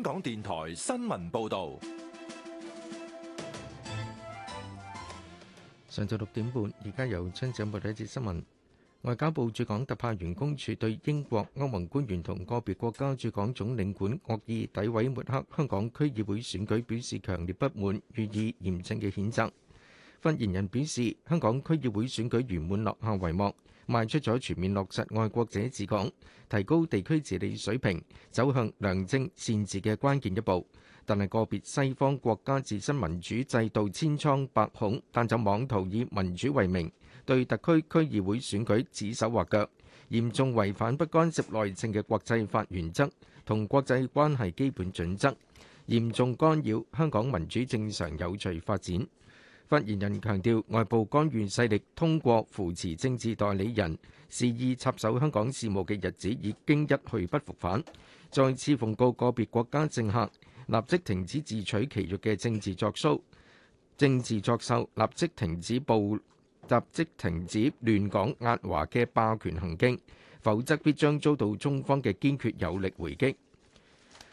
香港電台新聞報道：上晝六點半，而家由張展報道一節新聞。外交部駐港特派員公署對英國歐盟官員同個別國家駐港總領館惡意詆毀、抹黑香港區議會選舉表示強烈不滿，予以嚴正嘅譴責。發言人表示，香港區議會選舉圓滿落下帷幕。邁出咗全面落實愛國者治港、提高地區治理水平、走向良政善治嘅關鍵一步，但係個別西方國家自身民主制度千瘡百孔，但就妄圖以民主為名，對特區區議會選舉指手畫腳，嚴重違反不干涉內政嘅國際法原則同國際關係基本準則，嚴重干擾香港民主正常有序發展。發言人強調，外部干預勢力通過扶持政治代理人肆意插手香港事務嘅日子已經一去不復返，再次奉告個別國家政客立即停止自取其辱嘅政治作秀、政治作秀，立即停止暴、立即停止亂港壓華嘅霸權行徑，否則必將遭到中方嘅堅決有力回擊。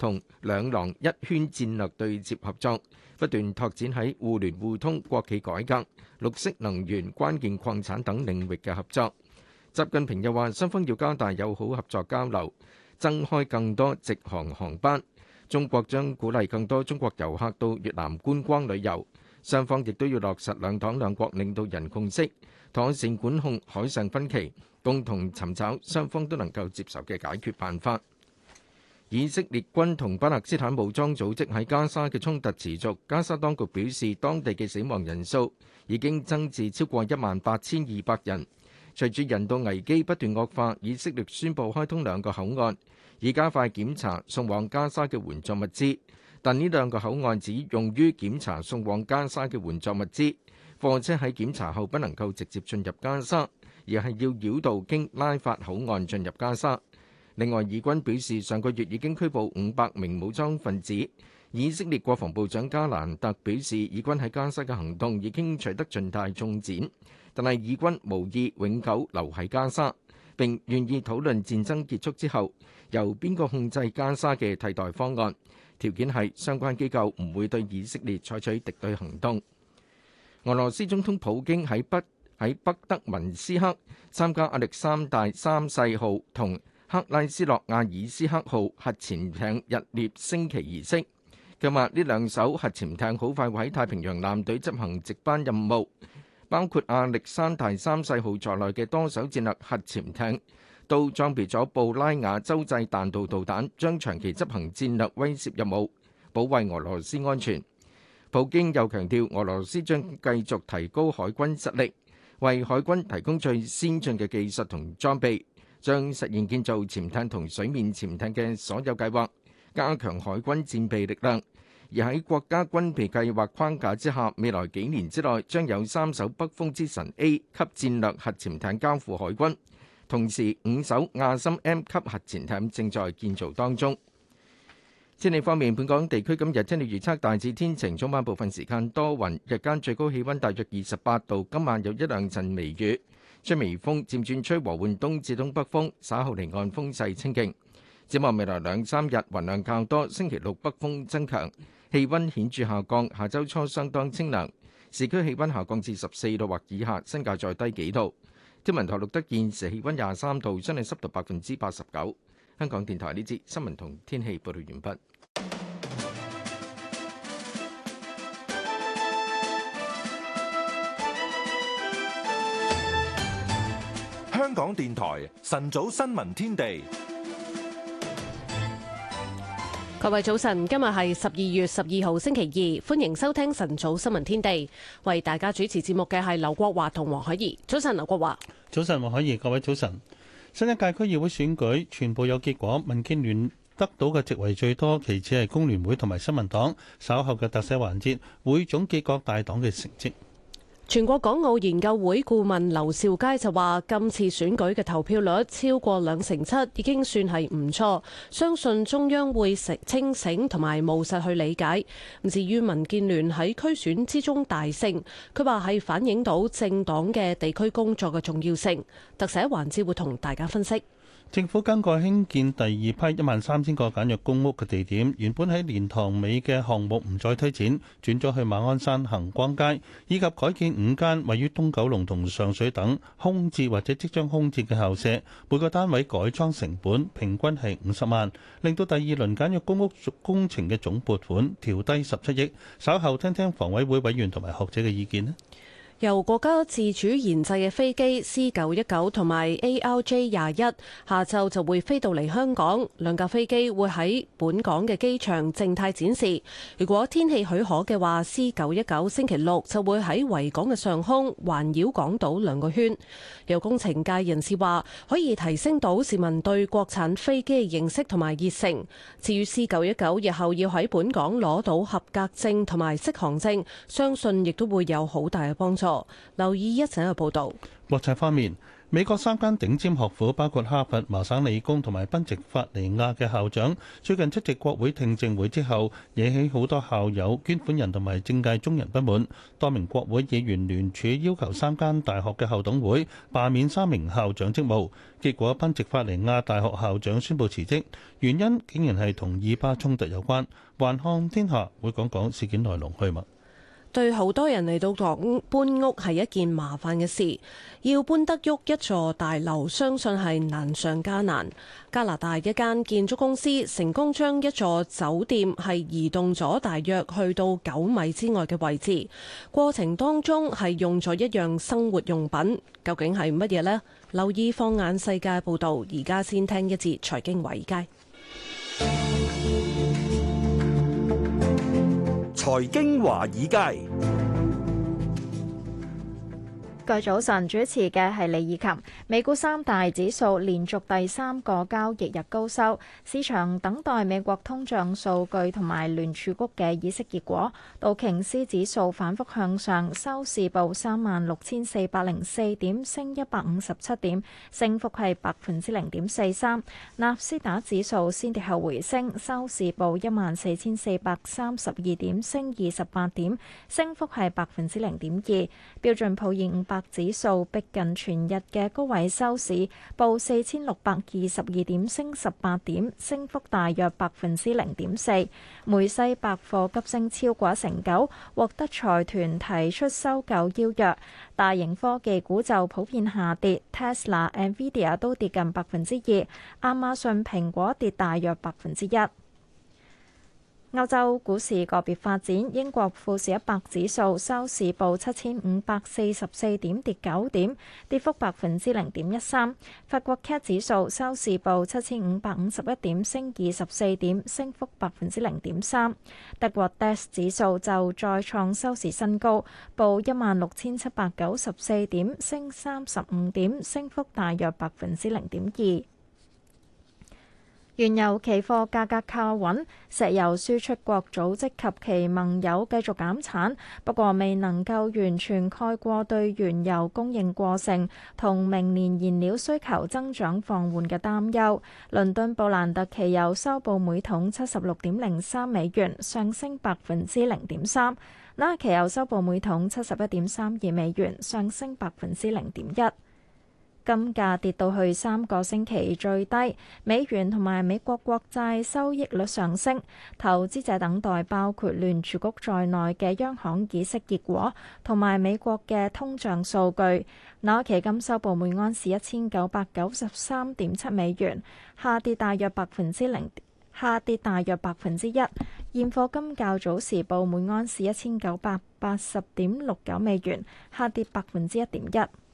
同兩廊一圈戰略對接合作，不斷拓展喺互聯互通、國企改革、綠色能源、關鍵礦產等領域嘅合作。習近平又話：雙方要加大友好合作交流，增開更多直航航班。中國將鼓勵更多中國遊客到越南觀光旅遊。雙方亦都要落實兩黨兩國領導人共識，妥善管控海上分歧，共同尋找雙方都能夠接受嘅解決辦法。以色列軍同巴勒斯坦武裝組織喺加沙嘅衝突持續。加沙當局表示，當地嘅死亡人數已經增至超過一萬八千二百人。隨住人道危機不斷惡化，以色列宣布開通兩個口岸，以加快檢查送往加沙嘅援助物資。但呢兩個口岸只用於檢查送往加沙嘅援助物資，貨車喺檢查後不能夠直接進入加沙，而係要繞道經拉法口岸進入加沙。另外，以軍表示上個月已經拘捕五百名武裝分子。以色列國防部長加蘭特表示，以軍喺加沙嘅行動已經取得重大進展，但係以軍無意永久留喺加沙，並願意討論戰爭結束之後由邊個控制加沙嘅替代方案。條件係相關機構唔會對以色列採取敵對行動。俄羅斯總統普京喺北喺北德文斯克參加亞歷山大三世號同克拉斯洛亞爾斯克號核潛艇日列升旗儀式。今日呢兩艘核潛艇好快會喺太平洋艦隊執行值班任務，包括亞歷山大三世號在內嘅多艘戰略核潛艇，都裝備咗布拉瓦洲際彈道導彈，將長期執行戰略威懾任務，保衛俄羅斯安全。普京又強調，俄羅斯將繼續提高海軍實力，為海軍提供最先進嘅技術同裝備。將實現建造潛艇同水面潛艇嘅所有計劃，加強海軍戰備力量。而喺國家軍備計劃框架之下，未來幾年之內將有三艘北風之神 A 級戰略核潛艇交付海軍，同時五艘亞森 M 級核潛艇正在建造當中。天氣方面，本港地區今日天氣預測，大致天晴，早晚部分時間多雲，日間最高氣温大約二十八度，今晚有一兩陣微雨，吹微風，漸轉吹和緩東至東北風，稍後離岸風勢清勁。展望未來兩三日雲量較多，星期六北風增強，氣温顯著下降，下周初相當清涼。市區氣温下降至十四度或以下，新界再低幾度。天文台錄得現時氣温廿三度，相對濕度百分之八十九。香港電台呢節新聞同天氣報道完畢。香港電台晨早新聞天地，各位早晨，今日係十二月十二號星期二，歡迎收聽晨早新聞天地。為大家主持節目嘅係劉國華同黃海怡。早晨，劉國華。早晨，黃海怡，各位早晨。新一屆區議會選舉全部有結果，民建聯得到嘅席位最多，其次係工聯會同埋新民黨。稍後嘅特色環節會總結各大黨嘅成績。全國港澳研究會顧問劉兆佳就話：今次選舉嘅投票率超過兩成七，已經算係唔錯。相信中央會清醒同埋務實去理解。唔至於民建聯喺區選之中大勝，佢話係反映到政黨嘅地區工作嘅重要性。特寫環節會同大家分析。政府更改興建第二批一萬三千個簡約公屋嘅地點，原本喺蓮塘尾嘅項目唔再推展，轉咗去馬鞍山恒光街，以及改建五間位於東九龍同上水等空置或者即將空置嘅校舍。每個單位改裝成本平均係五十萬，令到第二輪簡約公屋工程嘅總撥款調低十七億，稍後聽聽房委會委員同埋學者嘅意見。由國家自主研製嘅飛機 C 九一九同埋 ARJ 廿一，下晝就會飛到嚟香港，兩架飛機會喺本港嘅機場靜態展示。如果天氣許可嘅話，C 九一九星期六就會喺維港嘅上空環繞港島兩個圈。有工程界人士話，可以提升到市民對國產飛機嘅認識同埋熱誠。至於 C 九一九日後要喺本港攞到合格證同埋適航證，相信亦都會有好大嘅幫助。留意一齊嘅報道。國際方面，美國三間頂尖學府，包括哈佛、麻省理工同埋賓夕法尼亞嘅校長，最近出席國會聽證會之後，惹起好多校友、捐款人同埋政界中人不滿。多名國會議員聯署要求三間大學嘅校董會罷免三名校長職務，結果賓夕法尼亞大學校長宣布辭職，原因竟然係同以巴衝突有關。環看天下會講講事件來龍去脈。對好多人嚟到講搬屋係一件麻煩嘅事，要搬得喐一座大樓，相信係難上加難。加拿大一間建築公司成功將一座酒店係移動咗大約去到九米之外嘅位置，過程當中係用咗一樣生活用品，究竟係乜嘢呢？留意放眼世界報道，而家先聽一節財經維佳。財經華爾街。早晨，主持嘅係李以琴。美股三大指數連續第三個交易日高收，市場等待美國通脹數據同埋聯儲局嘅議息結果。道瓊斯指數反覆向上，收市報三萬六千四百零四點，升一百五十七點，升幅係百分之零點四三。納斯達指數先跌後回升，收市報一萬四千四百三十二點，升二十八點，升幅係百分之零點二。標準普爾五百指數逼近全日嘅高位收市，報四千六百二十二點，升十八點，升幅大約百分之零點四。梅西百貨急升超過成九，獲得財團提出收購邀約。大型科技股就普遍下跌，Tesla、NVIDIA 都跌近百分之二，亞馬遜、蘋果跌大約百分之一。歐洲股市個別發展，英國富時一百指數收市報七千五百四十四點，跌九點，跌幅百分之零點一三。法國 CAC 指數收市報七千五百五十一點，升二十四點，升幅百分之零點三。德國 DAX 指數就再創收市新高，報一萬六千七百九十四點，升三十五點，升幅大約百分之零點二。原油期貨價格靠穩，石油輸出國組織及其盟友繼續減產，不過未能夠完全蓋過對原油供應過剩同明年燃料需求增長放緩嘅擔憂，倫敦布蘭特期油收報每桶七十六點零三美元，上升百分之零點三；那期油收報每桶七十一點三二美元，上升百分之零點一。金價跌到去三個星期最低，美元同埋美國國債收益率上升，投資者等待包括聯儲局在內嘅央行議息結果同埋美國嘅通脹數據。紐期金收報每安士一千九百九十三點七美元，下跌大約百分之零，下跌大約百分之一。現貨金較早時報每安士一千九百八十點六九美元，下跌百分之一點一。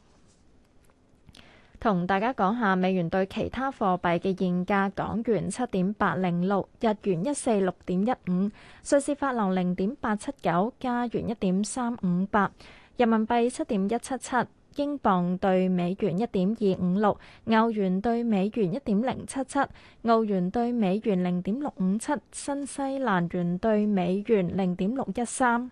同大家講下美元對其他貨幣嘅現價：港元七點八零六，日元一四六點一五，瑞士法郎零點八七九，加元一點三五八，人民幣七點一七七，英鎊對美元一點二五六，歐元對美元一點零七七，澳元對美元零點六五七，新西蘭元對美元零點六一三。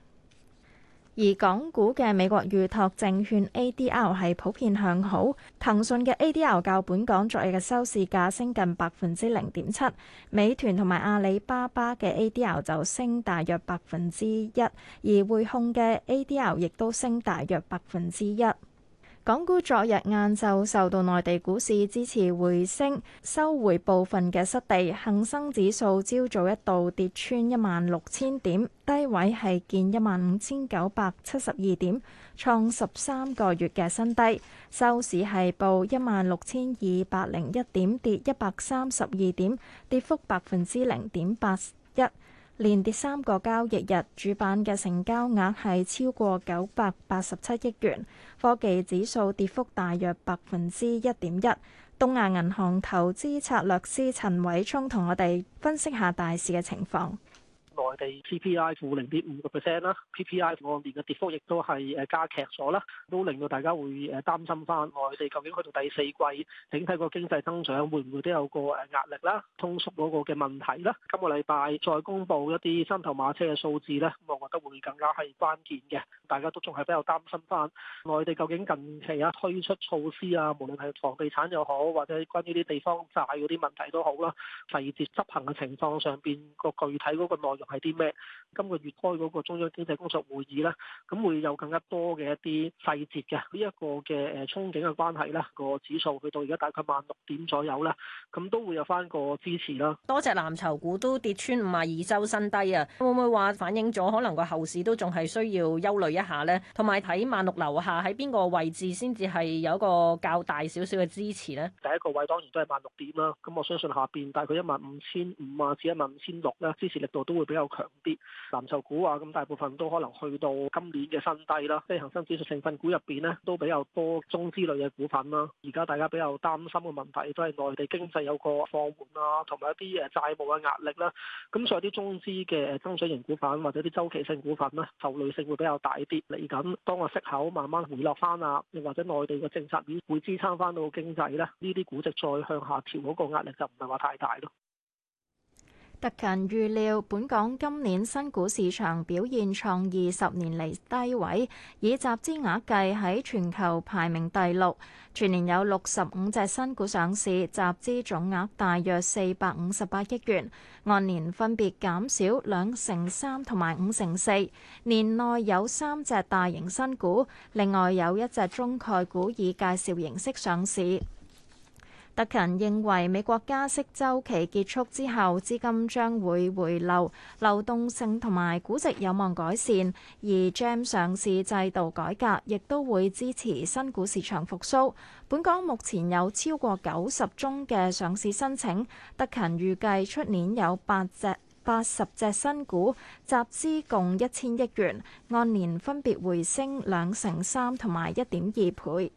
而港股嘅美國預託證券 ADR 係普遍向好，騰訊嘅 ADR 較本港昨日嘅收市價升近百分之零點七，美團同埋阿里巴巴嘅 ADR 就升大約百分之一，而匯控嘅 ADR 亦都升大約百分之一。港股昨日晏晝受到內地股市支持回升，收回部分嘅失地。恒生指數朝早一度跌穿一萬六千點低位 15, 點，係見一萬五千九百七十二點，創十三個月嘅新低。收市係報一萬六千二百零一點，跌一百三十二點，跌幅百分之零點八。連跌三個交易日，主板嘅成交額係超過九百八十七億元。科技指數跌幅大約百分之一點一。東亞銀行投資策略師陳偉聰同我哋分析下大市嘅情況。內地 PPI 負零點五個 percent 啦，PPI 方面嘅跌幅亦都係誒加劇咗啦，都令到大家會誒擔心翻內地究竟去到第四季整體個經濟增長會唔會都有個誒壓力啦、通縮嗰個嘅問題啦。今個禮拜再公布一啲三頭馬車嘅數字咧，我覺得會更加係關鍵嘅。大家都仲係比較擔心翻內地究竟近期啊推出措施啊，無論係房地產又好，或者關於啲地方債嗰啲問題都好啦，細節執行嘅情況上邊個具體嗰個內容。係啲咩？今個月開嗰個中央經濟工作會議啦，咁會有更加多嘅一啲細節嘅呢一個嘅誒憧憬嘅關係啦。個指數去到而家大概萬六點左右啦，咁都會有翻個支持啦。多隻藍籌股都跌穿五十二周新低啊！會唔會話反映咗可能個後市都仲係需要憂慮一下呢？同埋睇萬六樓下喺邊個位置先至係有一個較大少少嘅支持呢？第一個位當然都係萬六點啦。咁我相信下邊大概一萬五千五啊至一萬五千六啦，支持力度都會比較強啲，藍籌股啊，咁大部分都可能去到今年嘅新低啦。即係恒生指數成分股入邊咧，都比較多中資類嘅股份啦。而家大家比較擔心嘅問題都係內地經濟有個放緩啊，同埋一啲誒債務嘅壓力啦。咁所以啲中資嘅增長型股份或者啲周期性股份呢，受累性會比較大啲。嚟緊當個息口慢慢回落翻啊，又或者內地嘅政策會支撐翻到經濟咧，呢啲估值再向下調嗰個壓力就唔係話太大咯。德勤預料，本港今年新股市場表現創二十年嚟低位，以集資額計喺全球排名第六。全年有六十五隻新股上市，集資總額大約四百五十八億元，按年分別減少兩成三同埋五成四。年內有三隻大型新股，另外有一隻中概股以介紹形式上市。特勤認為美國加息週期結束之後，資金將會回流，流動性同埋估值有望改善，而 GEM 上市制度改革亦都會支持新股市場復甦。本港目前有超過九十宗嘅上市申請，特勤預計出年有八隻八十隻新股集資共一千億元，按年分別回升兩成三同埋一點二倍。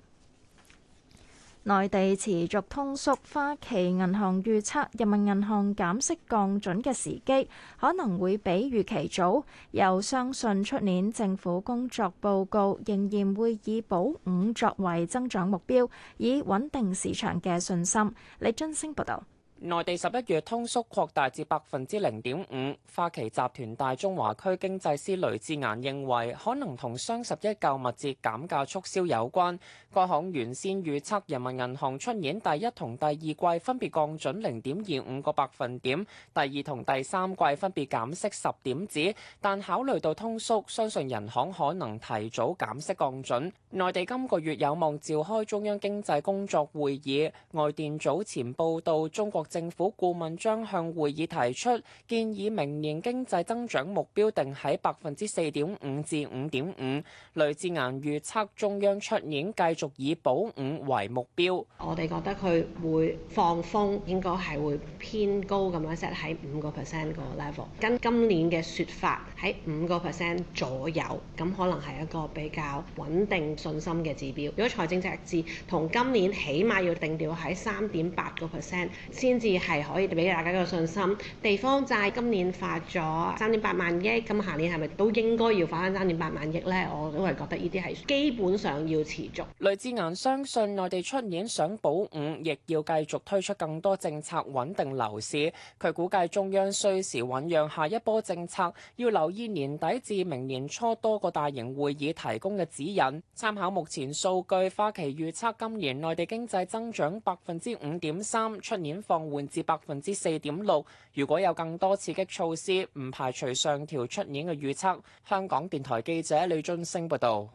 內地持續通縮，花旗銀行預測人民銀行減息降準嘅時機可能會比預期早，又相信出年政府工作報告仍然會以保五作為增長目標，以穩定市場嘅信心。李津星報道。內地十一月通縮擴大至百分之零點五，花旗集團大中華區經濟師雷志顏認為可能同雙十一購物節減價促銷有關。該行原先預測人民銀行出年第一同第二季分別降準零點二五個百分點，第二同第三季分別減息十點子，但考慮到通縮，相信人行可能提早減息降準。內地今個月有望召開中央經濟工作會議，外電早前報道中國政府顧問將向會議提出建議，明年經濟增長目標定喺百分之四點五至五點五。雷志顏預測中央出年繼續以保五為目標。我哋覺得佢會放風，應該係會偏高咁樣 set 喺五個 percent 個 level，跟今年嘅説法喺五個 percent 左右，咁可能係一個比較穩定信心嘅指標。如果財政赤字同今年起碼要定調喺三點八個 percent 先。甚至係可以俾大家一個信心，地方債今年發咗三點八萬億，咁下年係咪都應該要發翻三點八萬億咧？我都係覺得呢啲係基本上要持續。雷志銀相信內地出年想保五，亦要繼續推出更多政策穩定樓市。佢估計中央需時醞釀下一波政策，要留意年底至明年初多個大型會議提供嘅指引，參考目前數據，花旗預測今年內地經濟增長百分之五點三，出年放換至百分之四點六，如果有更多刺激措施，唔排除上調出年嘅預測。香港電台記者李晉升報道。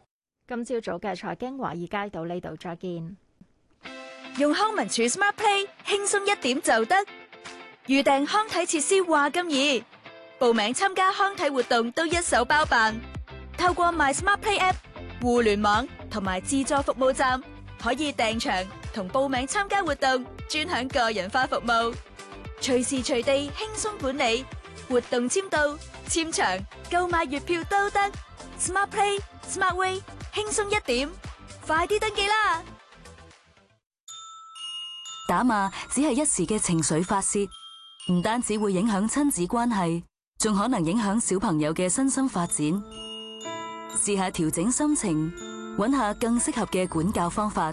今朝早嘅財經華爾街到呢度再見。用康文署 Smart Play 輕鬆一點就得預訂康體設施話咁易報名參加康體活動都一手包辦。透過 My Smart Play App、互聯網同埋自助服務站可以訂場。同報名參加活動，專享個人化服務，隨時隨地輕鬆管理。活動簽到、簽場、購買月票都得。Smart Play，Smart Way，輕鬆一點，快啲登記啦！打罵只係一時嘅情緒發洩，唔單止會影響親子關係，仲可能影響小朋友嘅身心發展。試下調整心情，揾下更適合嘅管教方法。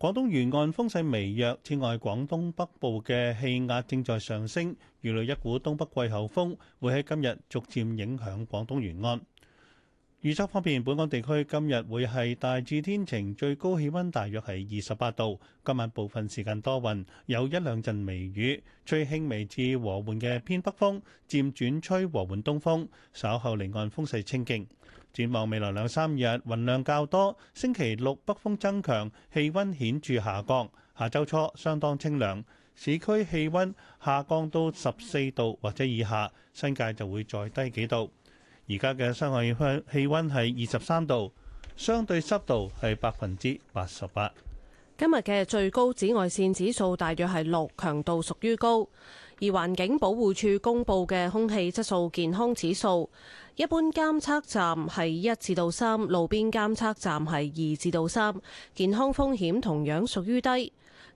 廣東沿岸風勢微弱，此外，廣東北部嘅氣壓正在上升，預料一股東北季候風會喺今日逐漸影響廣東沿岸。預測方面，本港地區今日會係大致天晴，最高氣溫大約係二十八度。今晚部分時間多雲，有一兩陣微雨，吹輕微至和緩嘅偏北風，漸轉吹和緩東風，稍後離岸風勢清勁。展望未來兩三日雲量較多，星期六北風增強，氣温顯著下降。下周初相當清涼，市區氣温下降到十四度或者以下，新界就會再低幾度。而家嘅室外氣温係二十三度，相對濕度係百分之八十八。今日嘅最高紫外線指數大約係六，強度屬於高。而環境保護署公布嘅空氣質素健康指數，一般監測站係一至到三，路邊監測站係二至到三，健康風險同樣屬於低。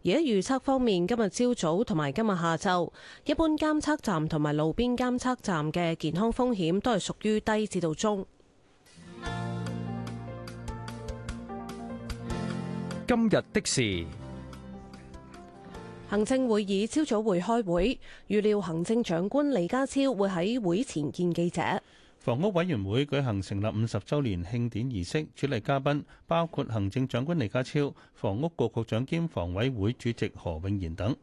而喺預測方面，今日朝早同埋今日下晝，一般監測站同埋路邊監測站嘅健康風險都係屬於低至到中。今日的事。行政會議朝早會開會，預料行政長官李家超會喺會前見記者。房屋委員會舉行成立五十週年慶典儀式，主禮嘉賓包括行政長官李家超、房屋局局長兼房委會主席何永賢等。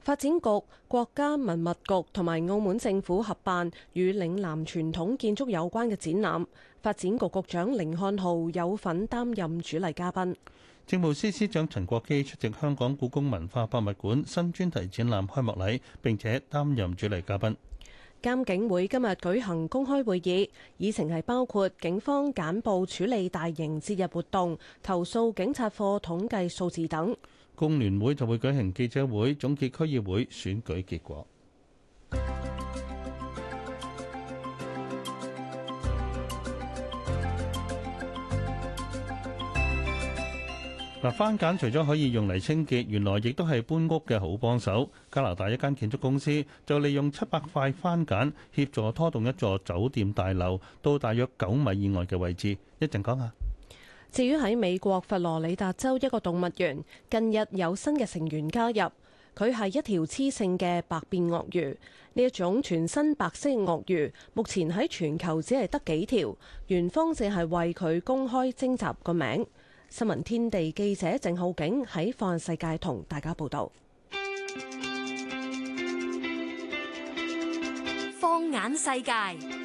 發展局、國家文物局同埋澳門政府合辦與嶺南傳統建築有關嘅展覽，發展局局長凌漢浩有份擔任主禮嘉賓。政務司司長陳國基出席香港故宮文化博物館新專題展覽開幕禮，並且擔任主禮嘉賓。監警會今日舉行公開會議，議程係包括警方簡報、處理大型節日活動、投訴警察課統計數字等。工聯會就會舉行記者會，總結區議會選舉結果。嗱，番梘除咗可以用嚟清潔，原來亦都係搬屋嘅好幫手。加拿大一間建築公司就利用七百塊番梘協助拖動一座酒店大樓到大約九米以外嘅位置。一陣講下。至於喺美國佛羅里達州一個動物園，近日有新嘅成員加入，佢係一條雌性嘅白變鱷魚。呢一種全身白色嘅鱷魚，目前喺全球只係得幾條。園方淨係為佢公開徵集個名。新聞天地記者鄭浩景喺放眼世界同大家報道。放眼世界。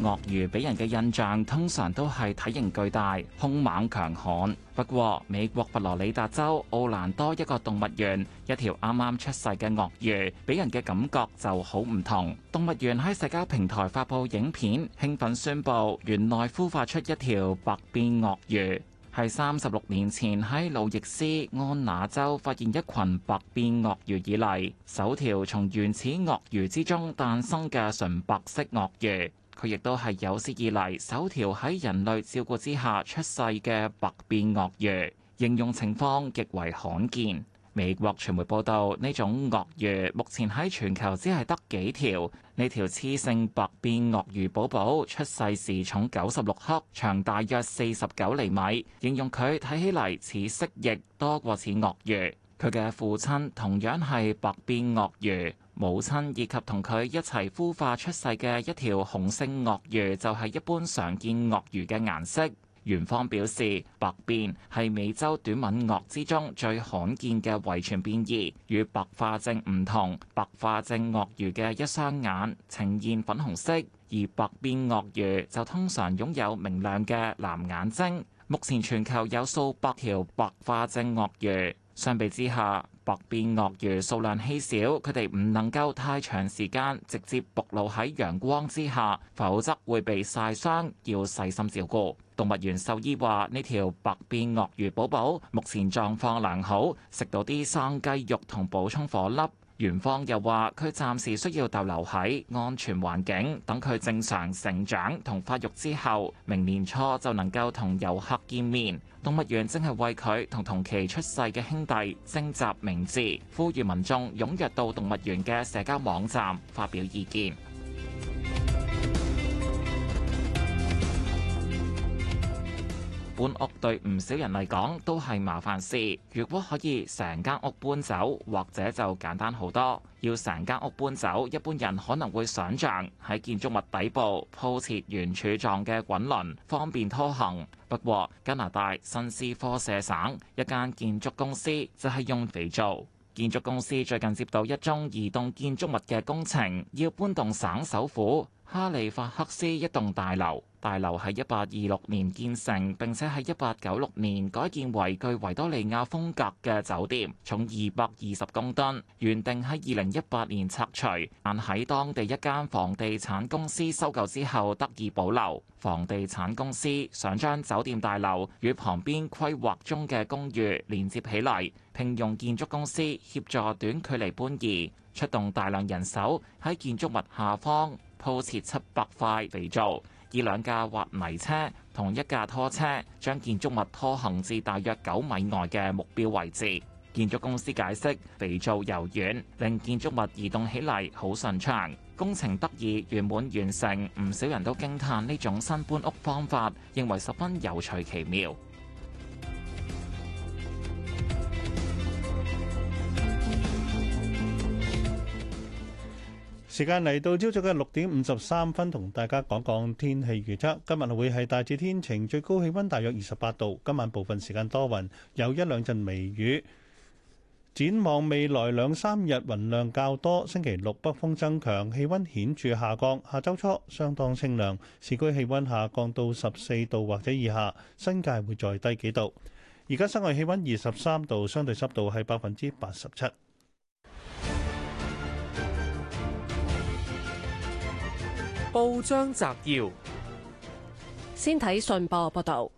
鱷魚俾人嘅印象通常都係體型巨大、兇猛強悍。不過，美國佛羅里達州奧蘭多一個動物園一條啱啱出世嘅鱷魚俾人嘅感覺就好唔同。動物園喺社交平台發布影片，興奮宣布園內孵化出一條白變鱷魚，係三十六年前喺路易斯安那州發現一群白變鱷魚以嚟，首條從原始鱷魚之中誕生嘅純白色鱷魚。佢亦都係有史以嚟首條喺人類照顧之下出世嘅白變鱷魚，應用情況極為罕見。美國傳媒報道，呢種鱷魚目前喺全球只係得幾條。呢條雌性白變鱷魚寶寶出世時重九十六克，長大約四十九厘米。形容佢睇起嚟似蜥蜴多過似鱷魚。佢嘅父親同樣係白變鱷魚。母親以及同佢一齊孵化出世嘅一條紅色鱷魚就係一般常見鱷魚嘅顏色。園方表示，白變係美洲短吻鱷之中最罕見嘅遺傳變異，與白化症唔同。白化症鱷魚嘅一雙眼呈現粉紅色，而白變鱷魚就通常擁有明亮嘅藍眼睛。目前全球有數百條白化症鱷魚。相比之下，白變鱷魚數量稀少，佢哋唔能夠太長時間直接暴露喺陽光之下，否則會被曬傷，要細心照顧。動物園獸醫話：呢條白變鱷魚寶寶目前狀況良好，食到啲生雞肉同補充火粒。園方又話，佢暫時需要逗留喺安全環境，等佢正常成長同發育之後，明年初就能夠同遊客見面。動物園正係為佢同同期出世嘅兄弟徵集名字，呼籲民眾踊躍到動物園嘅社交網站發表意見。搬屋對唔少人嚟講都係麻煩事，如果可以成間屋搬走，或者就簡單好多。要成間屋搬走，一般人可能會想像喺建築物底部鋪設圓柱狀嘅滾輪，方便拖行。不過加拿大新斯科舍省一間建築公司就係用肥皂。建築公司最近接到一宗移動建築物嘅工程，要搬動省首府。哈利法克斯一棟大樓，大樓喺一八二六年建成，並且喺一八九六年改建為具維多利亞風格嘅酒店，重二百二十公噸，原定喺二零一八年拆除，但喺當地一間房地產公司收購之後得以保留。房地產公司想將酒店大樓與旁邊規劃中嘅公寓連接起嚟，聘用建築公司協助短距離搬移，出動大量人手喺建築物下方。鋪設七百塊肥皂，以兩架挖泥車同一架拖車將建築物拖行至大約九米外嘅目標位置。建築公司解釋肥皂柔軟，令建築物移動起嚟好順暢，工程得以完滿完成。唔少人都驚歎呢種新搬屋方法，認為十分有趣奇妙。時間嚟到朝早嘅六點五十三分，同大家講講天氣預測。今日會係大致天晴，最高氣溫大約二十八度。今晚部分時間多雲，有一兩陣微雨。展望未來兩三日雲量較多。星期六北風增強，氣溫顯著下降。下周初相當清涼，市區氣溫下降到十四度或者以下，新界會再低幾度。而家室外氣溫二十三度，相對濕度係百分之八十七。報章摘要，先睇信報報道。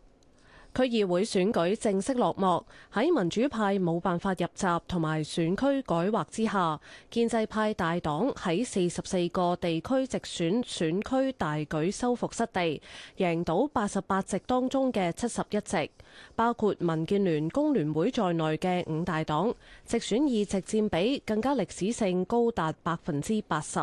區議會選舉正式落幕，喺民主派冇辦法入閘同埋選區改劃之下，建制派大黨喺四十四個地區直選選區大舉收復失地，贏到八十八席當中嘅七十一席，包括民建聯、工聯會在內嘅五大黨，直選議席佔比更加歷史性高達百分之八十，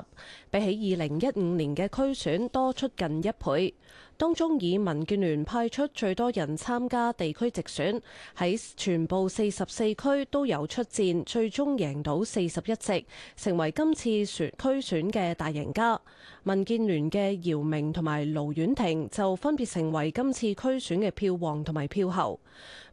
比起二零一五年嘅區選多出近一倍。當中以民建聯派出最多人參加地區直選，喺全部四十四區都有出戰，最終贏到四十一席，成為今次區選嘅大贏家。民建聯嘅姚明同埋盧婉婷就分別成為今次區選嘅票王同埋票后。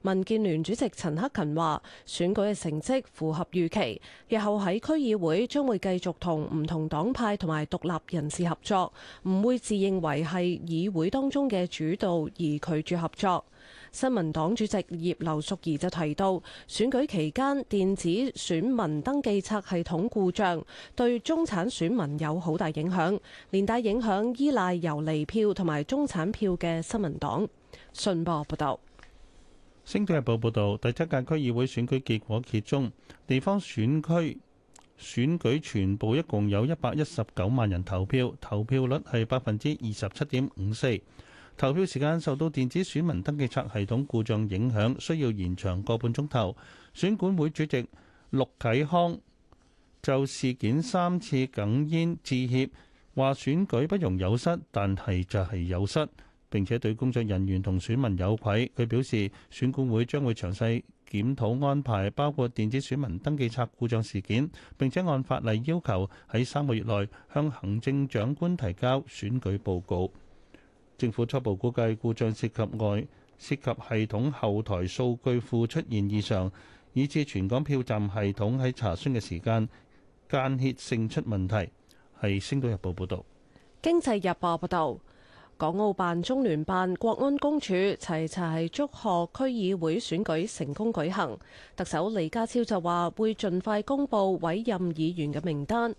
民建聯主席陳克勤話：選舉嘅成績符合預期，日後喺區議會將會繼續同唔同黨派同埋獨立人士合作，唔會自認為係議會當中嘅主導而拒絕合作。新民黨主席葉劉淑儀就提到，選舉期間電子選民登記冊系統故障，對中產選民有好大影響，連帶影響依賴游離票同埋中產票嘅新民黨。信報報道，《星島日報》報道第七屆區議會選舉結果揭盅，地方選區選舉全部一共有一百一十九萬人投票，投票率係百分之二十七點五四。投票時間受到電子選民登記冊系統故障影響，需要延長個半鐘頭。選管會主席陸啟康就事件三次哽咽致歉，話選舉不容有失，但係就係有失，並且對工作人員同選民有愧。佢表示，選管會將會詳細檢討安排，包括電子選民登記冊故障事件，並且按法例要求喺三個月內向行政長官提交選舉報告。政府初步估計故障涉及外，涉及系統後台數據庫出現異常，以致全港票站系統喺查詢嘅時間間歇性出問題。係《星島日報》報導，《經濟日報》報導，港澳辦、中聯辦、國安公署齊齊祝賀區議會選舉成功舉行。特首李家超就話會盡快公布委任議員嘅名單。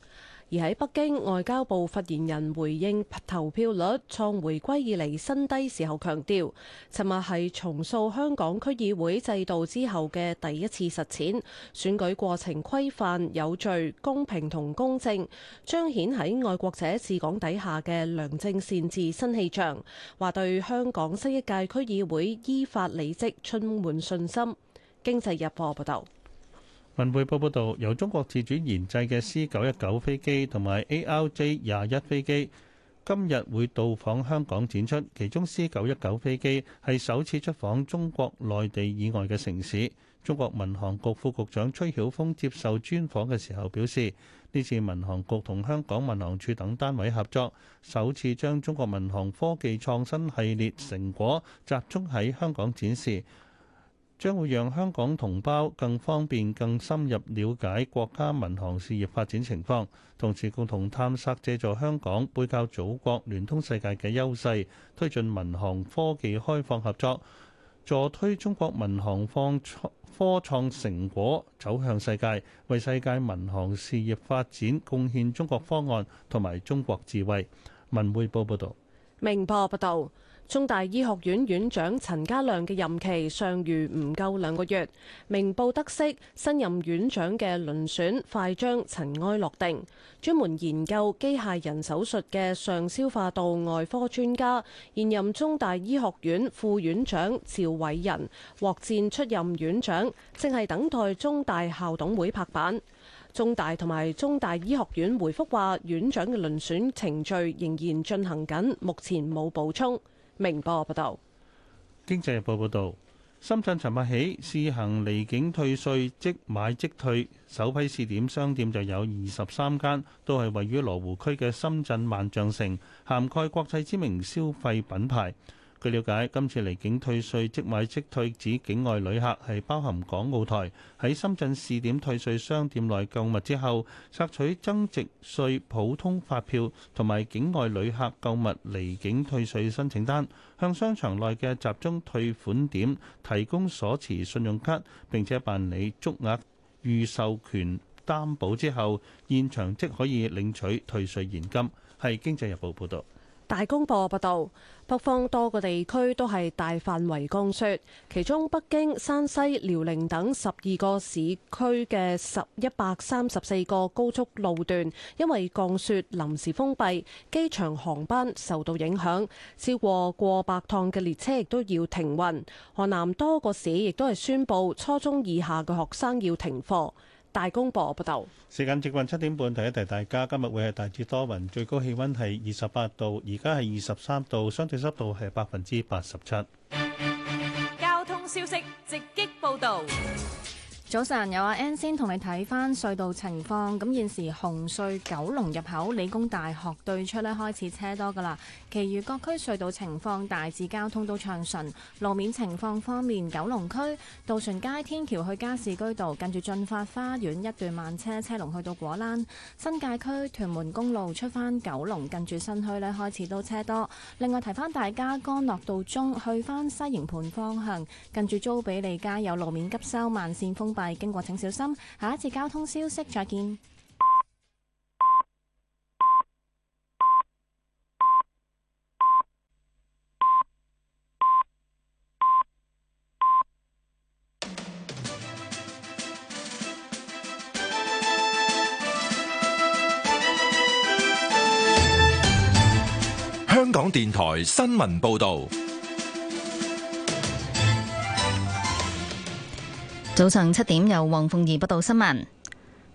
而喺北京，外交部發言人回應投票率創回歸以嚟新低時候，強調尋日係重塑香港區議會制度之後嘅第一次實踐，選舉過程規範有序、公平同公正，彰顯喺愛國者治港底下嘅良政善治新氣象。話對香港新一屆區議會依法履職充滿信心。經濟日報報道。文匯報報道，由中國自主研製嘅 C 九一九飛機同埋 ARJ 廿一飛機，今日會到訪香港展出。其中 C 九一九飛機係首次出訪中國內地以外嘅城市。中國民航局副局長崔曉峰接受專訪嘅時候表示，呢次民航局同香港民航處等單位合作，首次將中國民航科技創新系列成果集中喺香港展示。將會讓香港同胞更方便、更深入了解國家民航事業發展情況，同時共同探索借助香港背靠祖國、聯通世界嘅優勢，推進民航科技開放合作，助推中國民航創科創成果走向世界，為世界民航事業發展貢獻中國方案同埋中國智慧。文匯報報道：明報不報。中大醫學院院長陳家亮嘅任期尚餘唔夠兩個月，明報得悉，新任院長嘅輪選快將塵埃落定。專門研究機械人手術嘅上消化道外科專家，現任中大醫學院副院長趙偉仁獲薦出任院長，正係等待中大校董會拍板。中大同埋中大醫學院回復話，院長嘅輪選程序仍然進行緊，目前冇補充。明報報道，經濟日報報道，深圳尋日起試行離境退稅即買即退，首批試點商店就有二十三間，都係位於羅湖區嘅深圳萬象城，涵蓋國際知名消費品牌。據了解，今次離境退稅即買即退指境外旅客係包含港澳台喺深圳試點退稅商店內購物之後，索取增值稅普通發票同埋境外旅客購物離境退稅申請單，向商場內嘅集中退款點提供所持信用卡，並且辦理足額預授權擔保之後，現場即可以領取退稅現金。係《經濟日報》報道。大公報報道，北方多個地區都係大範圍降雪，其中北京、山西、遼寧等十二個市區嘅十一百三十四個高速路段因為降雪臨時封閉，機場航班受到影響，超過過百趟嘅列車亦都要停運。河南多個市亦都係宣布，初中以下嘅學生要停課。大公報報道：時間接近七點半，提一提大家，今日會係大致多雲，最高氣温係二十八度，而家係二十三度，相對濕度係百分之八十七。交通消息直擊報導，早晨有阿 N 先同你睇翻隧道情況，咁現時紅隧九龍入口理工大學對出呢，開始車多㗎喇。其餘各區隧道情況大致交通都暢順，路面情況方面，九龍區渡船街天橋去加士居道，近住駿發花園一段慢車，車龍去到果欄；新界區屯門公路出翻九龍，近住新墟咧開始都車多。另外提翻大家，干諾道中去翻西營盤方向，近住租比利街有路面急修，慢線封閉，經過請小心。下一次交通消息再見。香港電台新聞報道，早上七點由黃鳳儀報道新聞。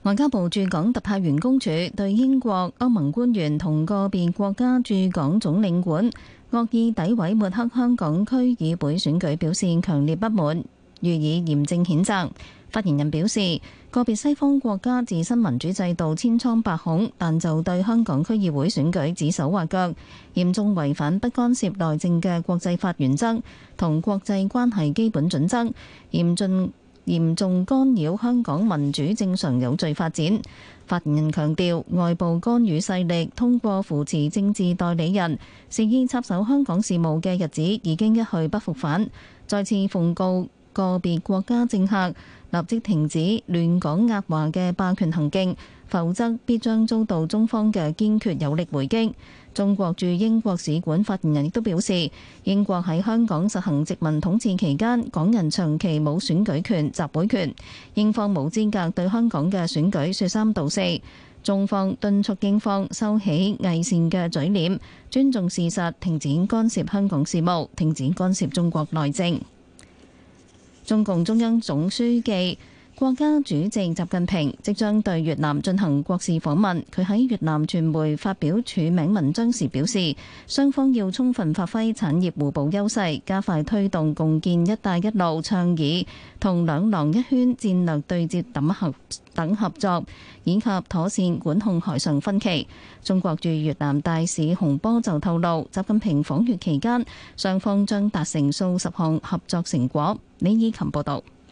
外交部駐港特派員公署對英國歐盟官員同個別國家駐港總領館惡意詆毀抹黑香港區議會選舉表示強烈不滿，予以嚴正譴責。發言人表示，個別西方國家自身民主制度千瘡百孔，但就對香港區議會選舉指手畫腳，嚴重違反不干涉內政嘅國際法原則同國際關係基本準則，嚴重嚴重干擾香港民主正常有序發展。發言人強調，外部干預勢力通過扶持政治代理人肆意插手香港事務嘅日子已經一去不復返，再次奉告。個別國家政客立即停止亂港壓華嘅霸權行徑，否則必將遭到中方嘅堅決有力回擊。中國駐英國使館發言人亦都表示，英國喺香港實行殖民統治期間，港人長期冇選舉權、集會權，英方冇資格對香港嘅選舉説三道四。中方敦促英方收起偽善嘅嘴臉，尊重事實，停止干涉香港事務，停止干涉中國內政。中共中央總書記。國家主席習近平即將對越南進行國事訪問。佢喺越南傳媒發表署名文章時表示，雙方要充分發揮產業互補優勢，加快推動共建“一帶一路”倡議同“兩廊一圈”戰略對接等合等合作，以及妥善管控海上分歧。中國駐越南大使洪波就透露，習近平訪越期間，雙方將達成數十項合作成果。李以琴報道。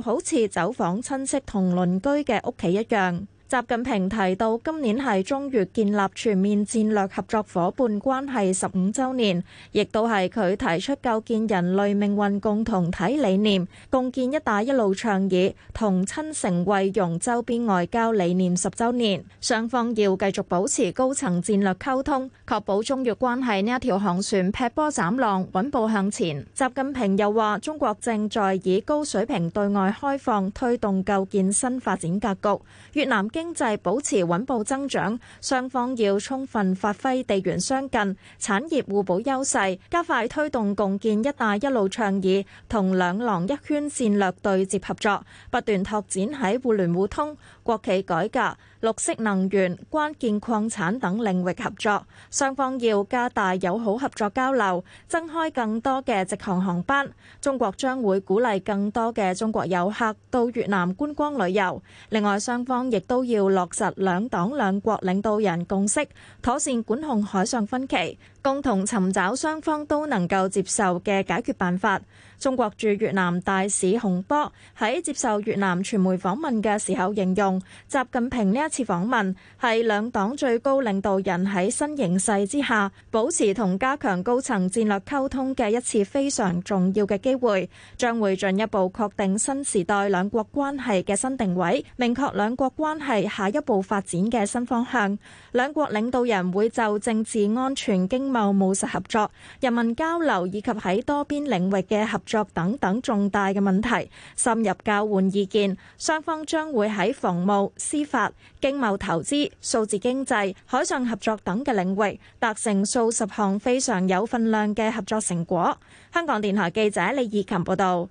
好似走訪親戚同鄰居嘅屋企一樣。習近平提到，今年係中越建立全面戰略合作伙伴關係十五週年，亦都係佢提出構建人類命運共同體理念、共建「一帶一路」倡議同親誠惠容周邊外交理念十週年。雙方要繼續保持高層戰略溝通，確保中越關係呢一條航船劈波斬浪，穩步向前。習近平又話：中國正在以高水平對外開放推動構建新發展格局，越南經經濟保持穩步增長，雙方要充分發揮地緣相近、產業互補優勢，加快推動共建“一帶一路”倡議，同“兩廊一圈”戰略對接合作，不斷拓展喺互聯互通。國企改革、綠色能源、關鍵礦產等領域合作，雙方要加大友好合作交流，增開更多嘅直航航班。中國將會鼓勵更多嘅中國遊客到越南觀光旅遊。另外，雙方亦都要落實兩黨兩國領導人共識，妥善管控海上分歧，共同尋找雙方都能夠接受嘅解決辦法。中國駐越南大使洪波喺接受越南傳媒訪問嘅時候形容，習近平呢一次訪問係兩黨最高領導人喺新形勢之下保持同加強高層戰略溝通嘅一次非常重要嘅機會，將會進一步確定新時代兩國關係嘅新定位，明確兩國關係下一步發展嘅新方向。兩國領導人會就政治、安全、經貿、務實合作、人民交流以及喺多邊領域嘅合作作等等重大嘅問題，深入交換意見，雙方將會喺防務、司法、經貿、投資、數字經濟、海上合作等嘅領域達成數十項非常有份量嘅合作成果。香港電台記者李義琴報道。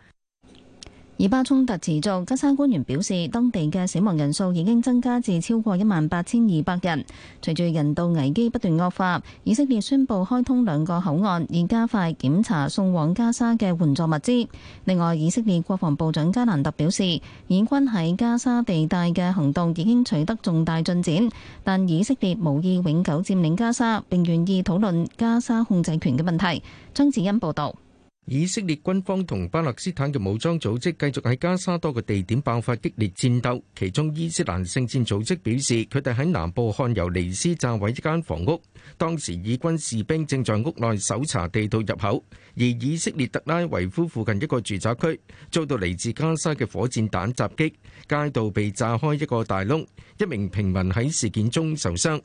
以巴衝突持續，加沙官員表示，當地嘅死亡人數已經增加至超過一萬八千二百人。隨住人道危機不斷惡化，以色列宣布開通兩個口岸，以加快檢查送往加沙嘅援助物資。另外，以色列國防部長加蘭特表示，以軍喺加沙地帶嘅行動已經取得重大進展，但以色列無意永久佔領加沙，並願意討論加沙控制權嘅問題。張子恩報道。以色列軍方同巴勒斯坦嘅武裝組織繼續喺加沙多個地點爆發激烈戰鬥，其中伊斯蘭聖戰組織表示，佢哋喺南部漢尤尼斯炸毀一間房屋，當時以軍士兵正在屋內搜查地道入口，而以色列特拉維夫附近一個住宅區遭到嚟自加沙嘅火箭彈襲擊，街道被炸開一個大窿，一名平民喺事件中受傷。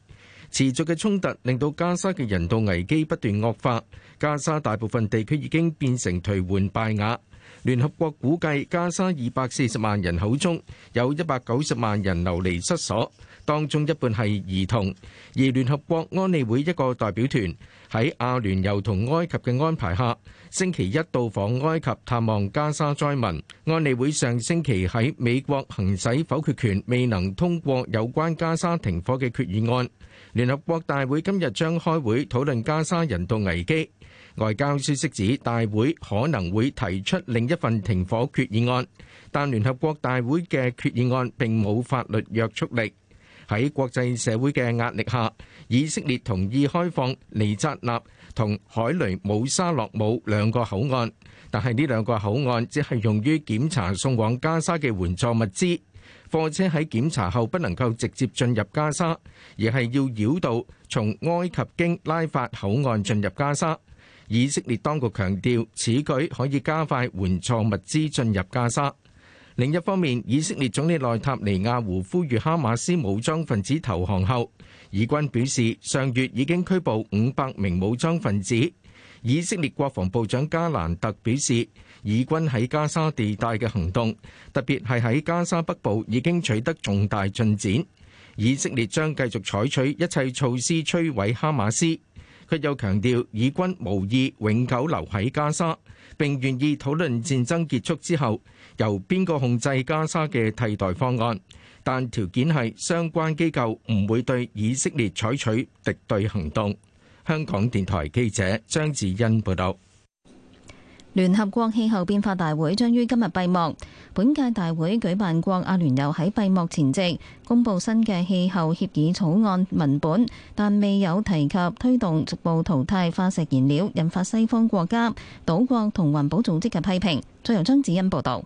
持續嘅衝突令到加沙嘅人道危機不斷惡化，加沙大部分地區已經變成頹垣敗瓦。聯合國估計，加沙二百四十萬人口中有一百九十萬人流離失所，當中一半係兒童。而聯合國安理會一個代表團喺阿聯酋同埃及嘅安排下，星期一到訪埃及探望加沙災民。安理會上星期喺美國行使否決權，未能通過有關加沙停火嘅決議案。聯合國大會今日將開會討論加沙人道危機。外交消息指，大會可能會提出另一份停火決議案，但聯合國大會嘅決議案並冇法律約束力。喺國際社會嘅壓力下，以色列同意開放尼扎納同海雷姆沙洛姆兩個口岸，但係呢兩個口岸只係用於檢查送往加沙嘅援助物資。貨車喺檢查後不能夠直接進入加沙，而係要繞道從埃及經拉法口岸進入加沙。以色列當局強調此舉可以加快援助物資進入加沙。另一方面，以色列總理內塔尼亞胡呼籲哈馬斯武裝分子投降後，以軍表示上月已經拘捕五百名武裝分子。以色列國防部長加蘭特表示：以軍喺加沙地帶嘅行動，特別係喺加沙北部已經取得重大進展。以色列將繼續採取一切措施摧毀哈馬斯。佢又強調，以軍無意永久留喺加沙，並願意討論戰爭結束之後由邊個控制加沙嘅替代方案，但條件係相關機構唔會對以色列採取敵對行動。香港電台記者張智欣報道。聯合國氣候變化大會將於今日閉幕。本屆大會舉辦國阿聯酋喺閉幕前夕公佈新嘅氣候協議草案文本，但未有提及推動逐步淘汰化石燃料，引發西方國家、島國同環保組織嘅批評。再由張子欣報道：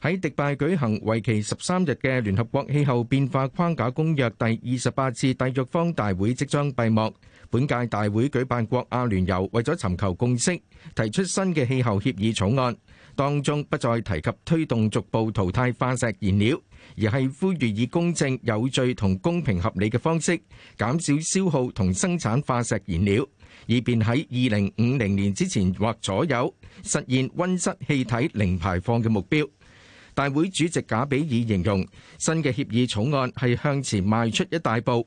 喺迪拜舉行、為期十三日嘅聯合國氣候變化框架公約第二十八次締約方大會即將閉幕。本屆大會舉辦國阿聯酋，為咗尋求共識，提出新嘅氣候協議草案，當中不再提及推動逐步淘汰化石燃料，而係呼籲以公正、有序同公平合理嘅方式，減少消耗同生產化石燃料，以便喺二零五零年之前或左右實現温室氣體零排放嘅目標。大會主席賈比爾形容新嘅協議草案係向前邁出一大步。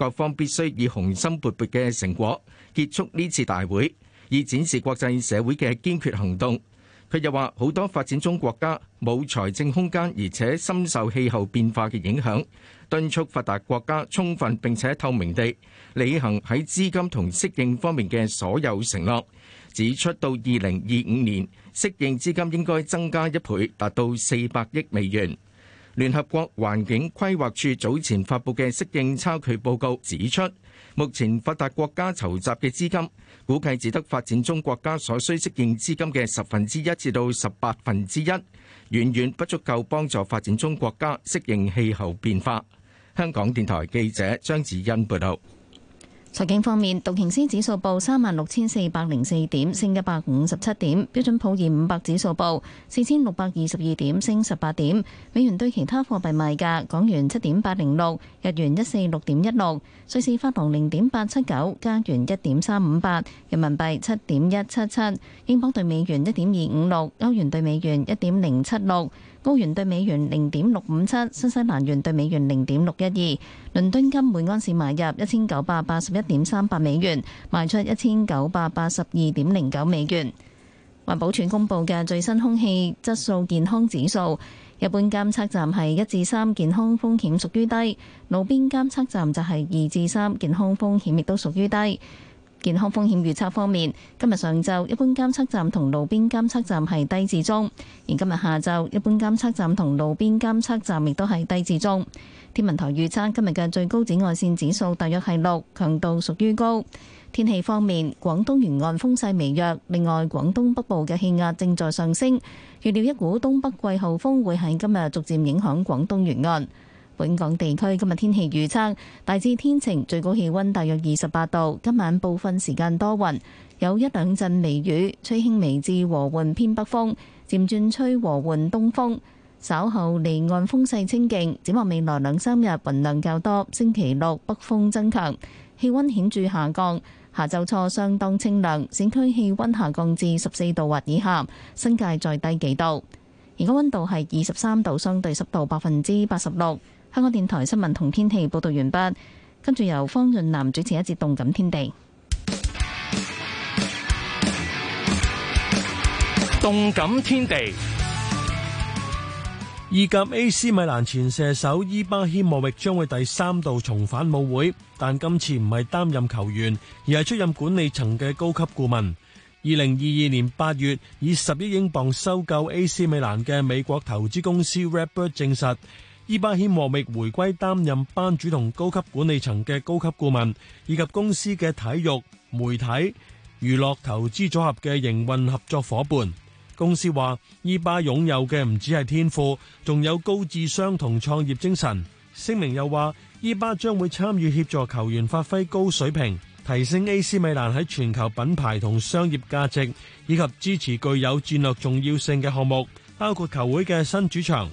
各方必須以雄心勃勃嘅成果結束呢次大會，以展示國際社會嘅堅決行動。佢又話：好多發展中國家冇財政空間，而且深受氣候變化嘅影響，敦促發達國家充分並且透明地履行喺資金同適應方面嘅所有承諾。指出到二零二五年，適應資金應該增加一倍，達到四百億美元。聯合國環境規劃署早前發布嘅適應差距報告指出，目前發達國家籌集嘅資金，估計只得發展中國家所需適應資金嘅十分之一至到十八分之一，遠遠不足夠幫助發展中國家適應氣候變化。香港電台記者張子欣報道。財經方面，道瓊斯指數報三萬六千四百零四點，升一百五十七點；標準普爾五百指數報四千六百二十二點，升十八點。美元對其他貨幣賣價：港元七點八零六，日元一四六點一六，瑞士法郎零點八七九，加元一點三五八，人民幣七點一七七，英鎊對美元一點二五六，歐元對美元一點零七六。澳元兌美元零點六五七，新西蘭元兌美元零點六一二，倫敦金每安士買入一千九百八十一點三八美元，賣出一千九百八十二點零九美元。環保署公布嘅最新空氣質素健康指數，一般監測站係一至三健康風險屬於低，路邊監測站就係二至三健康風險亦都屬於低。健康風險預測方面，今日上晝一般監測站同路邊監測站係低至中，而今日下晝一般監測站同路邊監測站亦都係低至中。天文台預測今日嘅最高紫外線指數大約係六，強度屬於高。天氣方面，廣東沿岸風勢微弱，另外廣東北部嘅氣壓正在上升，預料一股東北季候風會喺今日逐漸影響廣東沿岸。本港地區今日天氣預測，大致天晴，最高氣溫大約二十八度。今晚部分時間多雲，有一兩陣微雨，吹輕微至和緩偏北風，漸轉吹和緩東風。稍後離岸風勢清勁。展望未來兩三日雲量較多，星期六北風增強，氣溫顯著下降。下周初相當清涼，市區氣溫下降至十四度或以下，新界再低幾度。而家溫度係二十三度，相對濕度百分之八十六。香港電台新聞同天氣報道完畢，跟住由方潤南主持一節動感天地。動感天地，意 甲 AC 米蘭前射手伊巴謙莫域將會第三度重返舞會，但今次唔係擔任球員，而係出任管理層嘅高級顧問。二零二二年八月以十億英鎊收購 AC 米蘭嘅美國投資公司 RedBird 證實。伊巴謙莫域回歸，擔任班主同高級管理層嘅高級顧問，以及公司嘅體育媒體娛樂投資組合嘅，營運合作伙伴。公司話伊巴擁有嘅唔止係天賦，仲有高智商同創業精神。聲明又話伊巴將會參與，協助球員發揮高水平，提升 A.C. 米蘭喺全球品牌同商業價值，以及支持具有戰略重要性嘅項目，包括球會嘅新主場 e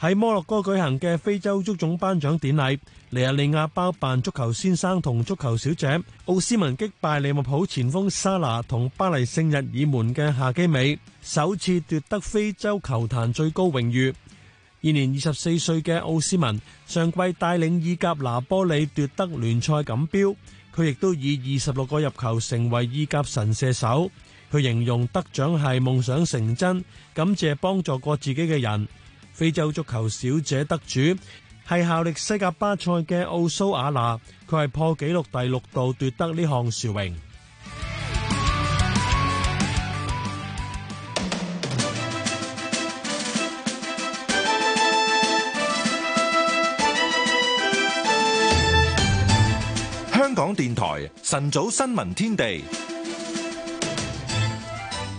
喺摩洛哥舉行嘅非洲足總頒獎典禮，尼日利亞包辦足球先生同足球小姐，奧斯文擊敗利物浦前鋒沙拿同巴黎聖日耳門嘅夏基美，首次奪得非洲球壇最高榮譽。現年二十四歲嘅奧斯文，上季帶領意甲拿波里奪得聯賽錦標，佢亦都以二十六個入球成為意甲神射手。佢形容得獎係夢想成真，感謝幫助過自己嘅人。非洲足球小姐得主係效力西甲巴塞嘅奧蘇亞納，佢係破紀錄第六度奪得呢項殊榮。香港電台晨早新聞天地。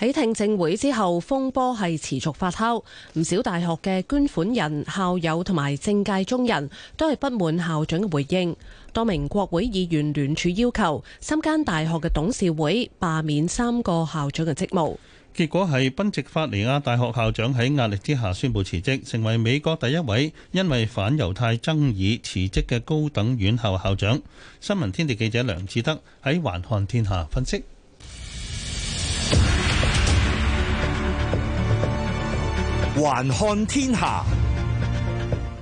喺聽證會之後，風波係持續發酵，唔少大學嘅捐款人、校友同埋政界中人都係不滿校長嘅回應。多名國會議員聯署要求三間大學嘅董事會罷免三個校長嘅職務。結果係賓夕法尼亞大學校長喺壓力之下宣布辭職，成為美國第一位因為反猶太爭議辭職嘅高等院校校長。新聞天地記者梁志德喺環看天下分析。環看天下，